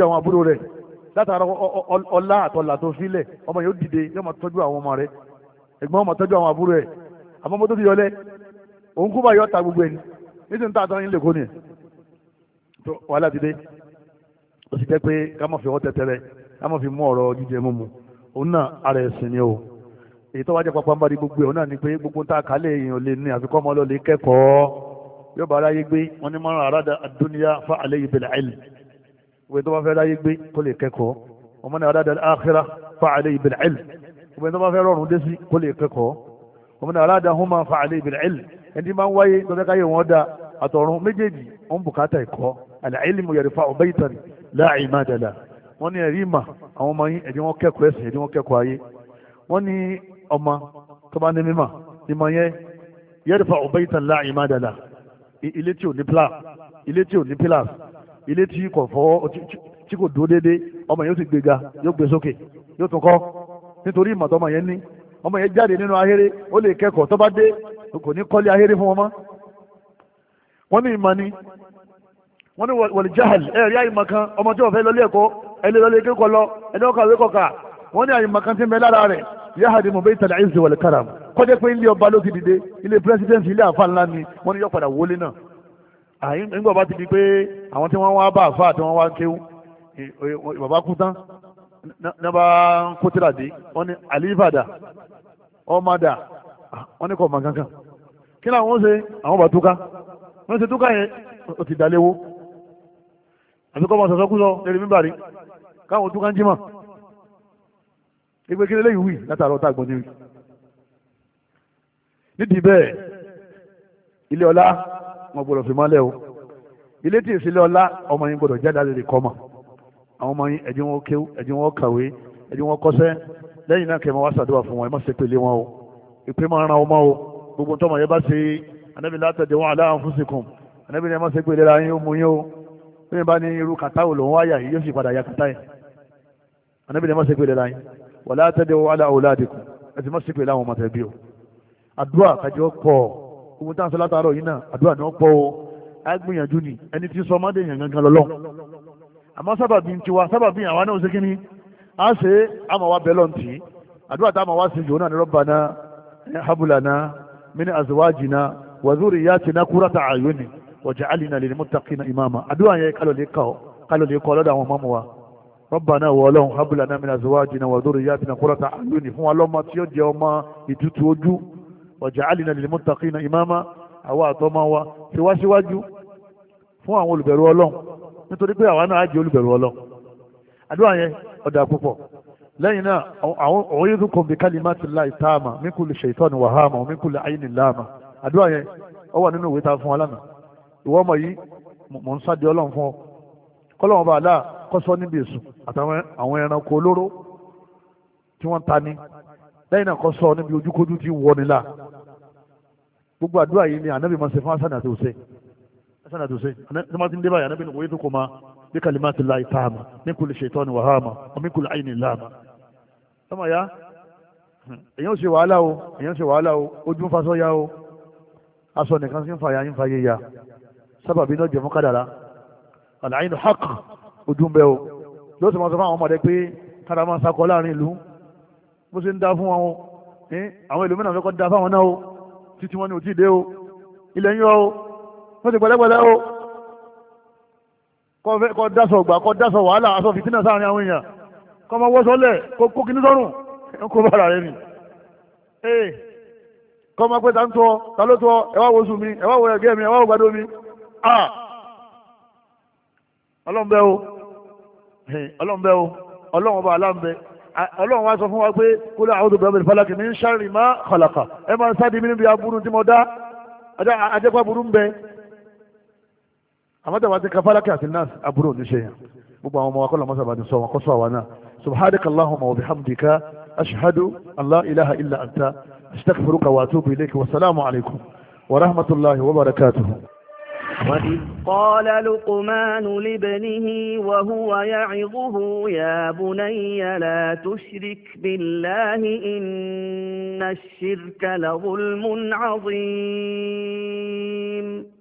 yọ látara ọlá àtọlà tó filẹ̀ ọmọ yóò dìde yóò máa tọ́jú àwọn ọmọ rẹ ẹ̀gbọ́n máa tọ́jú àwọn àbúrò ẹ̀ àmọ́ mo tó fi yọlẹ òun kú bá yọ ta gbogbo ẹni nítorí tá a tán yín lè kó ni tó wàhálà ti dé ó sì jẹ́ pé ká má fi ọwọ́ tẹ́tẹ́rẹ́ ká má fi mú ọ̀rọ̀ jíjẹ mímu òun náà ara ẹ̀sìn ni o èyí tó wá jẹ́ pápá ń bá di gbogbo ẹ̀ òun náà ni pé gbogbo tá a kálẹ̀ èèyàn lè ní àfikọ́ ọmọ ọlọ́ọ̀lẹ́ kẹ́kọ̀ọ́ yóò bá aráyé gbé wọn ní márùn-ún àràdà àdúnyá àlẹ́ yìí bẹ̀rẹ̀ àìlì ìwé tó bá fẹ́ láyé gbé kó lè kẹ́kọ̀ọ́ ọmọ náà aládàá àkírà fàálẹ̀ ìbìlì ẹ̀lì ìwé tó bá fẹ́ rọrùn dé sí kó lè kẹ́kọ̀ọ́ ọmọ náà aládàá hùmà fàálẹ̀ ìbìlì ẹ̀lì ẹni máa ń wáyé lọ́dẹ́káyé wọn dá àtọ̀run méjèèjì ń bùkátà ẹ̀kọ́ àlàílìmù yẹrìfà ọ̀bẹ́ìtàn láàyè má dàda láàyè má dàda ilé ní pílà ilé tí kò fọwọ́ tí kò dúró déédéé ọmọ yẹn ó sì gbéga yóò gbé sókè yóò tún kọ́ nítorí ìmọ̀ tọmọ yẹn ní ọmọ yẹn jáde nínú ahéré ó lè kẹ́kọ̀ọ́ tó bá dé kò ní kọ́lé ahéré fún wọn mọ́ wọ́n ní ni wọ́n ní wọ̀lì jahal ẹ̀rí àyìnmọ̀ kan ọmọ tí wọ́n fẹ́ ẹ̀kọ́ lọ ọkọ̀ wọ́n kan ń bẹ lára rẹ̀ yahadi mo bẹ́ ìtàlẹ̀ kọ́jẹ́ pé nígbà bá ti di pé àwọn tí wọ́n wá bá àfa àti wọ́n wá ń kéwú bàbá kú tán ní bá ń kó tíra dé wọ́n ní àlìbàdà ọmọdà wọ́n ní kò mọ̀ kankan kí làwọn ń ṣe àwọn bá túká wọ́n ṣe túká yẹn ó ti dalẹ́wó àti kọ́ mọ̀ sọ̀sọ́ sọ lẹ́rìí mímbà rí káwọn túká ń jí mọ̀ ìgbé kí lélẹ́yìn wì látàrọ̀ tá àgbọ̀n níbi nídìí bẹ́ẹ̀ ilé ọlá wọn gbọ́dọ̀ fi mọ́lẹ̀ o ilé tí ìsílẹ̀ ọlá ọmọ yín gbọ́dọ̀ jáde àlè kọ́ mọ̀ àwọn ọmọ yín ẹ̀dín wọn kéw ẹ̀dín wọn kàwé ẹ̀dín wọn kọ́ṣẹ́ lẹ́yìn náà kẹ́mọ́ wá sàdúrà fún wọn ẹ má ṣe pèlè wọn o ìpè máa ran ọmọ o gbogbo tọmọ yẹn bá ṣe anábì látọ̀dẹ̀ wọn aláwọn fún sìnkùn anábì ni ẹ má ṣe pèlè ra yín ó mu yín o bẹ́ẹ̀ bá ní irú kàtá wò lòun wáyà yìí yóò sì padà ya kàtá yẹn anábì ni ẹ má ṣe pèlè ra yín wọ́n látọ̀dẹ̀ wọn aláwọ̀ ládìkù ẹ ti má ṣe pèlè àwọn ọmọ tẹ̀ bí o àdúrà kájọ pọ̀ gbogbo tá à ń sọ látàárọ̀ yìí náà àdúrà ni wọ́n pọ̀ o á gbìyànjú ni ẹni tí sọ ọmọdé yẹn gangan lọ́lọ́ àmọ́ sábàbí ń tiwa sábàbí àwa náà ṣe kíni á ṣe àmọ́ wa bẹ́ẹ̀ lọ́ntì àdúrà tá àmọ́ wa ṣe jòun náà ní rabbana habulana min azwajina wa zuriyatina qurrata a'yuni waj'alna lil muttaqina imama àdúrà yẹn kálọ̀ lè kọ́ kálọ̀ lè kọ́ lọ́dọ̀ àwọn mọ́mọ́ wa rabbana wọ ọlọ́run habulana min azwajina wa zuriyatina qurrata a'yuni fún wa lọ́mọ tí ó jẹ ọmọ ìtútù ojú waj'alna lilmuttaqina imama àwa àtọ́mọ́ wa ti wá síwájú fún àwọn olùbẹ̀rù ọlọ́run nítorí pé àwa náà á jẹ́ olùbẹ̀rù ọlọ́run àdúrà yẹn ọ̀dà púpọ̀ lẹ́yìn náà àwọn òyìnbó kan bí kalimatillahi taama min kulli shaytani wahama min kulli aynin laama àdúrà yẹn ó wà nínú ìwé ta fún wa lánàá ìwọ ọmọ yìí mò ń sáde ọlọ́run fún ọ kọ́lọ́wọ́n bá aláà kọ́sọ́ níbi èsù àtàwọn ẹranko olóró tí wọ́n ta ni lẹ́yìn náà kọ́sọ́ níbi ojúkójú ti wọ́ni láà gbogbo àdúrà yìí ni ànábì máa ṣe fún hasan àti hussein hasan àti hussein ànábì ń dé báyìí ànábì wòye tó kò máa bí kalimati láì tààmà ní kulli shaitani wa hama wa min kulli ayni láàmà. sọ́mọ̀ ya èyàn ṣe wàhálà o èyàn ṣe wàhálà o ojú ń fasọ́ ya o aṣọ nìkan sí ń fa ya ń fa yé ya sábàbí náà jẹ̀mú kádàrá àlàyé hàk ojú ń bẹ o yóò sì máa sọ fún àwọn ọmọdé pé kára máa sakọ láàrin ìlú bó ṣe ń dá fún wọn o àwọn ìlú mìíràn fẹ́ kọ́ da fáwọn náà o títí wọn ni ò tí ì dé o ilẹ̀ yín o wọ́n ti pẹ̀lẹ́pẹ̀lẹ́ o kọ́ dáṣọ gbà kọ́ dáṣọ wàhálà aṣọ fìtínà sáàrin àwọn èèyàn kọ́ máa wọ́ sọ́lẹ̀ kó kíní sọ́rùn kó bára rẹ nì ee kọ́ máa pẹ́ ta ń tọ́ ta ló tọ́ ẹ wá wo sùn mi ẹ wá wo ẹ̀gẹ́ mi ẹ wá wo gbàdó mi a ọlọ́mbẹ́ o ọlọ́mbẹ́ o ọlọ́mbẹ́ aláǹbẹ́ ọlọ́run wá sọ fún wa pé kúlọ̀ àwọn olùbẹ̀rẹ̀ bẹ̀rẹ̀ falakì ní sáré má kọlàkà ẹ máa sáàdì mi níbi aburú tí mo dá ajẹ́pá burú ń bẹ àmọ́ tẹ̀wá ti ka falakì àti nas aburú òní ṣe yàn gbogbo àwọn ọmọ wa kọ́lọ̀ mọ́sàbà ti sọ wọn kọ́sọ́ àwa náà subhanaka allahumma wa bihamdika ashhadu an la ilaha illa anta astaghfiruka wa atubu ilayka wa salaamu alaykum wa rahmatullahi wa barakatuhu وإذ قال لقمان لابنه وهو يعظه يا بني لا تشرك بالله إن الشرك لظلم عظيم